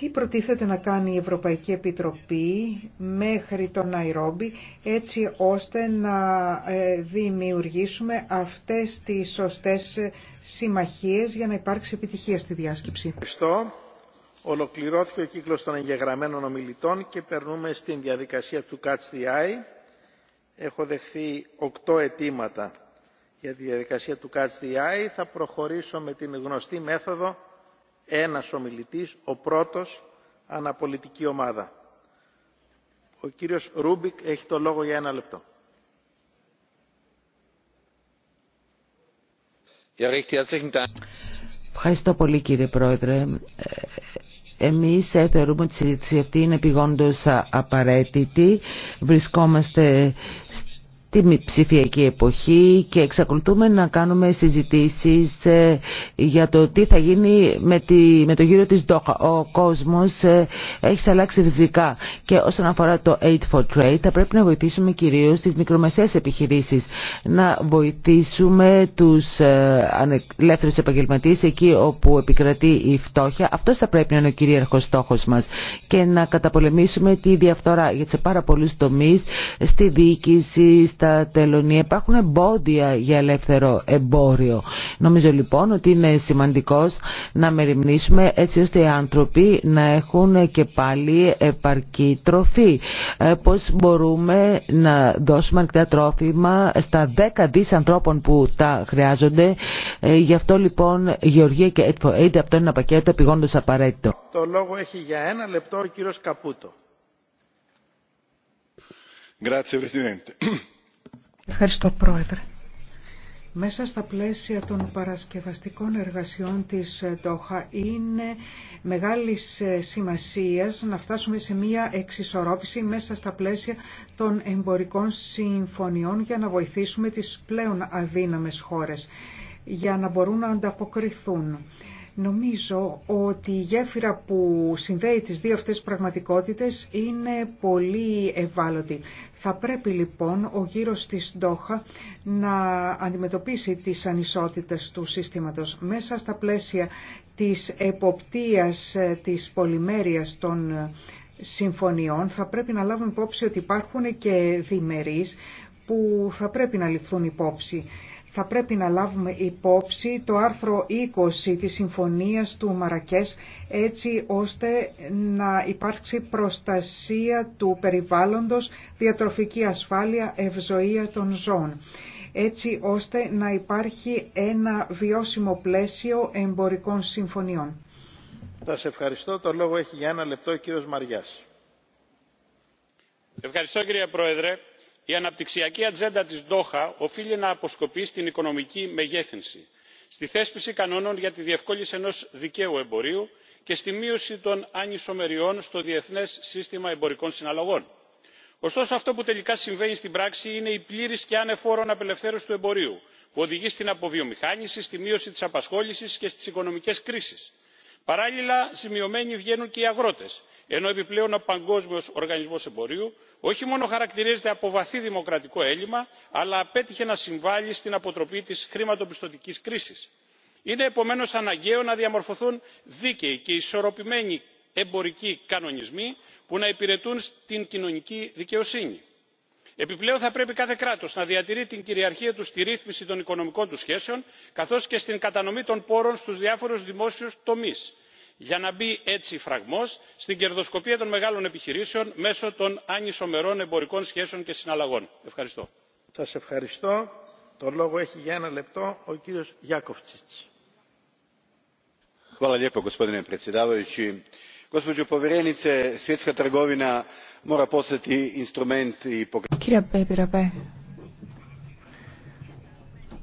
Τι προτίθεται να κάνει η Ευρωπαϊκή Επιτροπή μέχρι τον Ναϊρόμπι έτσι ώστε να ε, δημιουργήσουμε αυτές τις σωστές συμμαχίες για να υπάρξει επιτυχία στη διάσκεψη. Ευχαριστώ. Ολοκληρώθηκε ο κύκλος των εγγεγραμμένων ομιλητών και περνούμε στην διαδικασία του Catch the Έχω δεχθεί οκτώ αιτήματα για τη διαδικασία του Catch the Θα προχωρήσω με την γνωστή μέθοδο ένας ομιλητής, ο πρώτος αναπολιτική ομάδα. Ο κύριος Ρούμπικ έχει το λόγο για ένα λεπτό. Ευχαριστώ πολύ κύριε Πρόεδρε. Εμείς ε, θεωρούμε ότι η συζήτηση αυτή είναι επιγόντως απαραίτητη. Βρισκόμαστε την ψηφιακή εποχή και εξακολουθούμε να κάνουμε συζητήσεις ε, για το τι θα γίνει με, τη, με το γύρο της ΔΟΧΑ. Ο κόσμος ε, έχει αλλάξει ριζικά και όσον αφορά το Aid for Trade θα πρέπει να βοηθήσουμε κυρίως τις μικρομεσαίες επιχειρήσεις, να βοηθήσουμε τους ε, ανελεύθερους επαγγελματίες εκεί όπου επικρατεί η φτώχεια. αυτό θα πρέπει να είναι ο κυρίαρχος στόχος μας και να καταπολεμήσουμε τη διαφθορά για σε πάρα στη διοίκηση, στα τελωνία υπάρχουν εμπόδια για ελεύθερο εμπόριο. Νομίζω λοιπόν ότι είναι σημαντικός να μεριμνήσουμε έτσι ώστε οι άνθρωποι να έχουν και πάλι επαρκή τροφή. Ε, Πώ μπορούμε να δώσουμε αρκετά τρόφιμα στα 10 δις ανθρώπων που τα χρειάζονται. Ε, γι' αυτό λοιπόν Γεωργία και Aid for Aid αυτό είναι ένα πακέτο επιγόντως απαραίτητο. Το λόγο έχει για ένα λεπτό ο κύριος Καπούτο. Grazie Presidente. Ευχαριστώ Πρόεδρε. Μέσα στα πλαίσια των παρασκευαστικών εργασιών της Ντόχα είναι μεγάλης σημασίας να φτάσουμε σε μία εξισορρόπηση μέσα στα πλαίσια των εμπορικών συμφωνιών για να βοηθήσουμε τις πλέον αδύναμες χώρες για να μπορούν να ανταποκριθούν. Νομίζω ότι η γέφυρα που συνδέει τις δύο αυτές πραγματικότητες είναι πολύ ευάλωτη. Θα πρέπει λοιπόν ο γύρος της Ντόχα να αντιμετωπίσει τις ανισότητες του συστήματος μέσα στα πλαίσια της εποπτείας ε, της πολυμέρειας των ε, συμφωνιών θα πρέπει να λάβουμε υπόψη ότι υπάρχουν και διμερείς που θα πρέπει να ληφθούν υπόψη θα πρέπει να λάβουμε υπόψη το άρθρο 20 της Συμφωνίας του Μαρακές έτσι ώστε να υπάρξει προστασία του περιβάλλοντος, διατροφική ασφάλεια, ευζοία των ζώων έτσι ώστε να υπάρχει ένα βιώσιμο πλαίσιο εμπορικών συμφωνιών. σε ευχαριστώ. Το λόγο έχει για ένα λεπτό ο κύριος Μαριάς. Ευχαριστώ κύριε Πρόεδρε η αναπτυξιακή ατζέντα της ντόχα οφείλει να αποσκοπεί στην οικονομική μεγέθυνση στη θέσπιση κανόνων για τη διευκόλυνση ενός δικαίου εμπορίου και στη μείωση των ανισομεριών στο διεθνές σύστημα εμπορικών συναλλαγών. ωστόσο αυτό που τελικά συμβαίνει στην πράξη είναι η πλήρης και ανεφόρον απελευθέρωση του εμπορίου που οδηγεί στην αποβιομηχάνηση στη μείωση της απασχόλησης και στις οικονομικές κρίσεις. παράλληλα ζημιωμένοι βγαίνουν και οι αγρότες ενώ επιπλέον ο παγκόσμιος οργανισμός εμπορίου όχι μόνο χαρακτηρίζεται από βαθύ δημοκρατικό έλλειμμα αλλά απέτυχε να συμβάλει στην αποτροπή της χρηματοπιστωτικής κρίσης. είναι επομένως αναγκαίο να διαμορφωθούν δίκαιοι και ισορροπημένοι εμπορικοί κανονισμοί που να υπηρετούν την κοινωνική δικαιοσύνη. επιπλέον θα πρέπει κάθε κράτος να διατηρεί την κυριαρχία του στη ρύθμιση των οικονομικών του σχέσεων καθώς και στην κατανομή των πόρων στους διάφορους δημόσιους τομείς για να μπει έτσι φραγμός στην κερδοσκοπία των μεγάλων επιχειρήσεων μέσω των ανισομερών εμπορικών σχέσεων και συναλλαγών. Ευχαριστώ. Σας ευχαριστώ. Το λόγο έχει για ένα λεπτό ο κύριος Γιάκοφτσιτς. Hvala lijepo gospodine predsjedavajući. Gospođo povjerenice, svjetska trgovina mora postati instrument i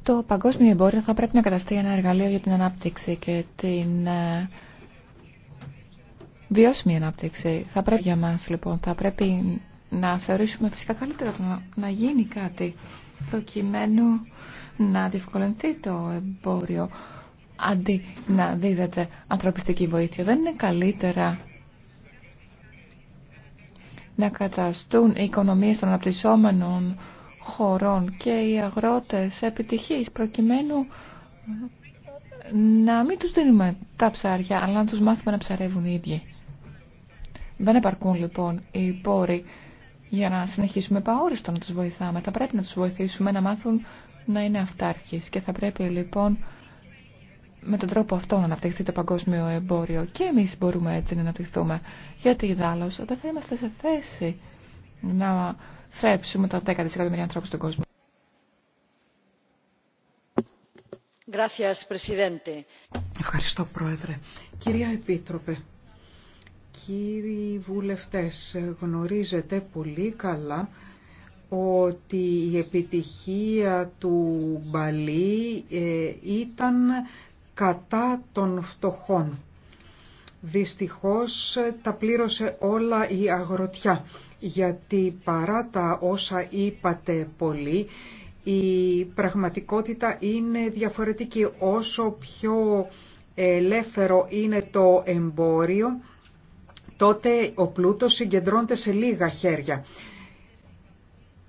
το παγκόσμιο εμπόριο θα πρέπει να καταστεί ένα εργαλείο για την ανάπτυξη και την ε, βιώσιμη ανάπτυξη. Θα πρέπει για μας λοιπόν, θα πρέπει να θεωρήσουμε φυσικά καλύτερα να, να γίνει κάτι προκειμένου να διευκολυνθεί το εμπόριο αντί να δίδεται ανθρωπιστική βοήθεια. Δεν είναι καλύτερα να καταστούν οι οικονομίες των αναπτυσσόμενων χωρών και οι αγρότες επιτυχείς προκειμένου να μην τους δίνουμε τα ψάρια αλλά να τους μάθουμε να ψαρεύουν οι ίδιοι. Δεν επαρκούν λοιπόν οι πόροι για να συνεχίσουμε παόριστο να τους βοηθάμε. Θα πρέπει να τους βοηθήσουμε να μάθουν να είναι αυτάρχεις και θα πρέπει λοιπόν με τον τρόπο αυτό να αναπτυχθεί το παγκόσμιο εμπόριο και εμείς μπορούμε έτσι να αναπτυχθούμε γιατί δάλος, δεν θα είμαστε σε θέση να θρέψουμε τα 10 δισεκατομμύρια ανθρώπους στον κόσμο. Ευχαριστώ Πρόεδρε. Κυρία Επίτροπε, κύριοι βουλευτές, γνωρίζετε πολύ καλά ότι η επιτυχία του Μπαλί ε, ήταν κατά των φτωχών. Δυστυχώς ε, τα πλήρωσε όλα η αγροτιά, γιατί παρά τα όσα είπατε πολύ, η πραγματικότητα είναι διαφορετική. Όσο πιο ελεύθερο είναι το εμπόριο, τότε ο πλούτος συγκεντρώνεται σε λίγα χέρια.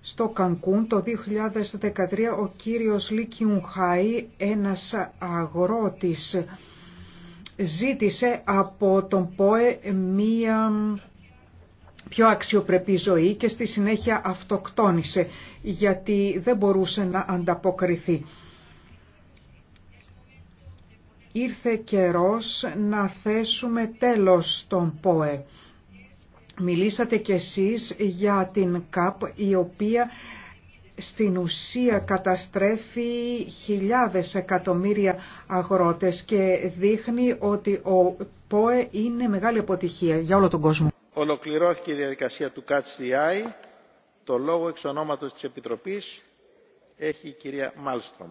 Στο Κανκούν το 2013 ο κύριος Λίκιου Χάι, ένας αγρότης, ζήτησε από τον ΠΟΕ μία πιο αξιοπρεπή ζωή και στη συνέχεια αυτοκτόνησε γιατί δεν μπορούσε να ανταποκριθεί ήρθε καιρός να θέσουμε τέλος στον ΠΟΕ. Μιλήσατε κι εσείς για την ΚΑΠ η οποία στην ουσία καταστρέφει χιλιάδες εκατομμύρια αγρότες και δείχνει ότι ο ΠΟΕ είναι μεγάλη αποτυχία για όλο τον κόσμο. Ολοκληρώθηκε η διαδικασία του Catch Το λόγο εξ ονόματος της Επιτροπής έχει η κυρία Μάλστρομ.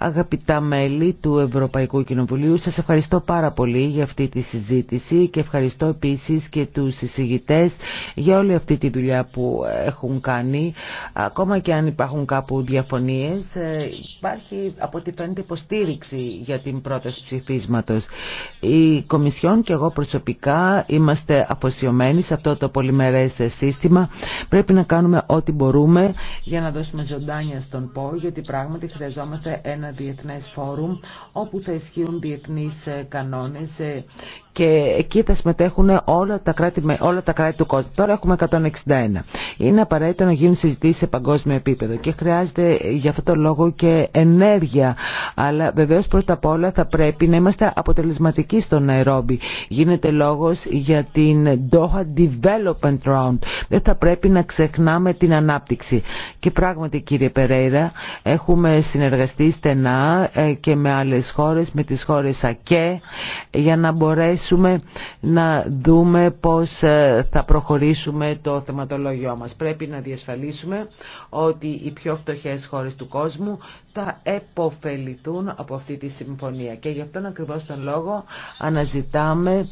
Αγαπητά μέλη του Ευρωπαϊκού Κοινοβουλίου, σας ευχαριστώ πάρα πολύ για αυτή τη συζήτηση και ευχαριστώ επίσης και τους συζητητές για όλη αυτή τη δουλειά που έχουν κάνει. Ακόμα και αν υπάρχουν κάπου διαφωνίες, ε, υπάρχει από ό,τι φαίνεται υποστήριξη για την πρόταση ψηφίσματος. Η Κομισιόν και εγώ προσωπικά είμαστε αφοσιωμένοι σε αυτό το πολυμερές σύστημα. Πρέπει να κάνουμε ό,τι μπορούμε για να δώσουμε ζωντάνια στον ΠΟ, γιατί πράγματι χρειαζόμαστε ένα διεθνές φόρουμ όπου θα ισχύουν διεθνείς κανόνες ε, και εκεί θα συμμετέχουν όλα τα κράτη, όλα τα κράτη του κόσμου. Τώρα έχουμε 161. Είναι απαραίτητο να γίνουν συζητήσει σε παγκόσμιο επίπεδο και χρειάζεται για αυτόν τον λόγο και ενέργεια. Αλλά βεβαίω πρώτα απ' όλα θα πρέπει να είμαστε αποτελεσματικοί στον Ναϊρόμπι. Γίνεται λόγο για την Doha Development Round. Δεν θα πρέπει να ξεχνάμε την ανάπτυξη. Και πράγματι κύριε Περέιρα έχουμε συνεργαστεί στενά ε, και με άλλε χώρε, με τι χώρε ΑΚΕ για να μπορέσει μπορέσουμε να δούμε πώς ε, θα προχωρήσουμε το θεματολόγιο μας. Πρέπει να διασφαλίσουμε ότι οι πιο φτωχές χώρες του κόσμου θα επωφεληθούν από αυτή τη συμφωνία. Και γι' αυτόν ακριβώς τον λόγο αναζητάμε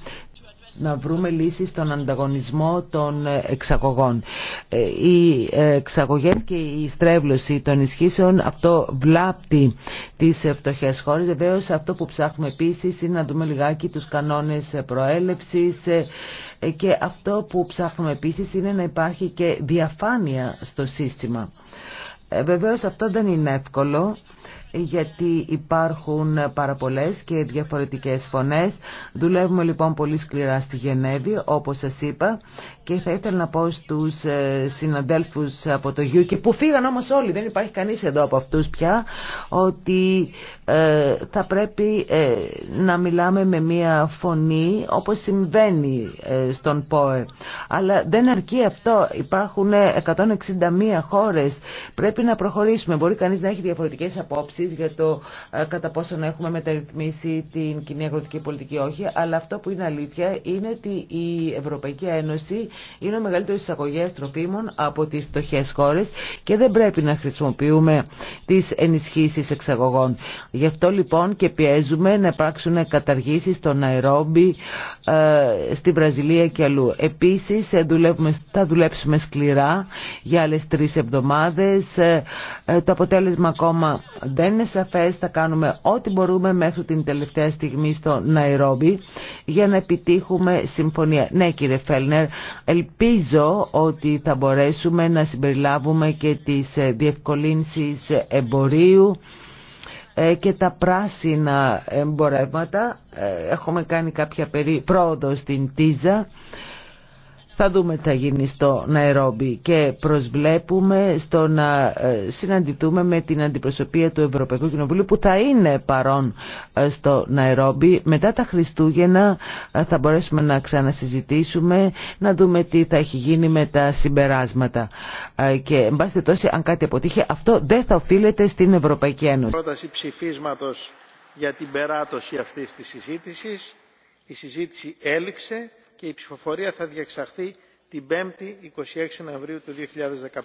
να βρούμε λύσεις στον ανταγωνισμό των εξαγωγών. Ε, οι εξαγωγές και η στρέβλωση των ισχύσεων αυτό βλάπτει τις φτωχές χώρες. Βεβαίω αυτό που ψάχνουμε επίσης είναι να δούμε λιγάκι τους κανόνες προέλευση, ε, και αυτό που ψάχνουμε επίσης είναι να υπάρχει και διαφάνεια στο σύστημα. Ε, βεβαίως αυτό δεν είναι εύκολο γιατί υπάρχουν πάρα πολλέ και διαφορετικές φωνές. Δουλεύουμε λοιπόν πολύ σκληρά στη Γενέβη, όπως σας είπα, και θα ήθελα να πω στους ε, συναντέλφους από το και που φύγαν όμως όλοι, δεν υπάρχει κανείς εδώ από αυτούς πια, ότι ε, θα πρέπει ε, να μιλάμε με μία φωνή όπως συμβαίνει στον ΠΟΕ. Αλλά δεν αρκεί αυτό. Υπάρχουν 161 χώρες. Πρέπει να προχωρήσουμε. Μπορεί κανείς να έχει διαφορετικές απόψεις για το κατά πόσο να έχουμε μεταρρυθμίσει την κοινή αγροτική πολιτική όχι. Αλλά αυτό που είναι αλήθεια είναι ότι η Ευρωπαϊκή Ένωση είναι ο μεγαλύτερο εισαγωγέ τροφίμων από τι φτωχέ χώρε και δεν πρέπει να χρησιμοποιούμε τι ενισχύσει εξαγωγών. Γι' αυτό λοιπόν και πιέζουμε να υπάρξουν καταργήσει στο Ναϊρόμπι, ε, στη Βραζιλία και αλλού. Επίση ε, θα δουλέψουμε σκληρά για άλλε τρει εβδομάδε. Ε, το αποτέλεσμα ακόμα δεν είναι σαφέ. Θα κάνουμε ό,τι μπορούμε μέχρι την τελευταία στιγμή στο Ναϊρόμπι για να επιτύχουμε συμφωνία. Ναι κύριε Φέλνερ, Ελπίζω ότι θα μπορέσουμε να συμπεριλάβουμε και τις ε, διευκολύνσεις εμπορίου ε, και τα πράσινα εμπορεύματα. Ε, έχουμε κάνει κάποια πρόοδο στην Τίζα. Θα δούμε τι θα γίνει στο Ναερόμπι και προσβλέπουμε στο να ε, συναντηθούμε με την αντιπροσωπεία του Ευρωπαϊκού Κοινοβουλίου που θα είναι παρόν ε, στο Ναερόμπι. Μετά τα Χριστούγεννα ε, θα μπορέσουμε να ξανασυζητήσουμε, να δούμε τι θα έχει γίνει με τα συμπεράσματα. Και εν πάση τόση, αν κάτι αποτύχει, αυτό δεν θα οφείλεται στην Ευρωπαϊκή Ένωση. Πρόταση ψηφίσματος για την περάτωση αυτής της συζήτησης. Η συζήτηση έληξε και η ψηφοφορία θα διεξαχθεί την 5η 26 Νοεμβρίου του 2015.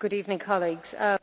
Good evening, colleagues. Uh,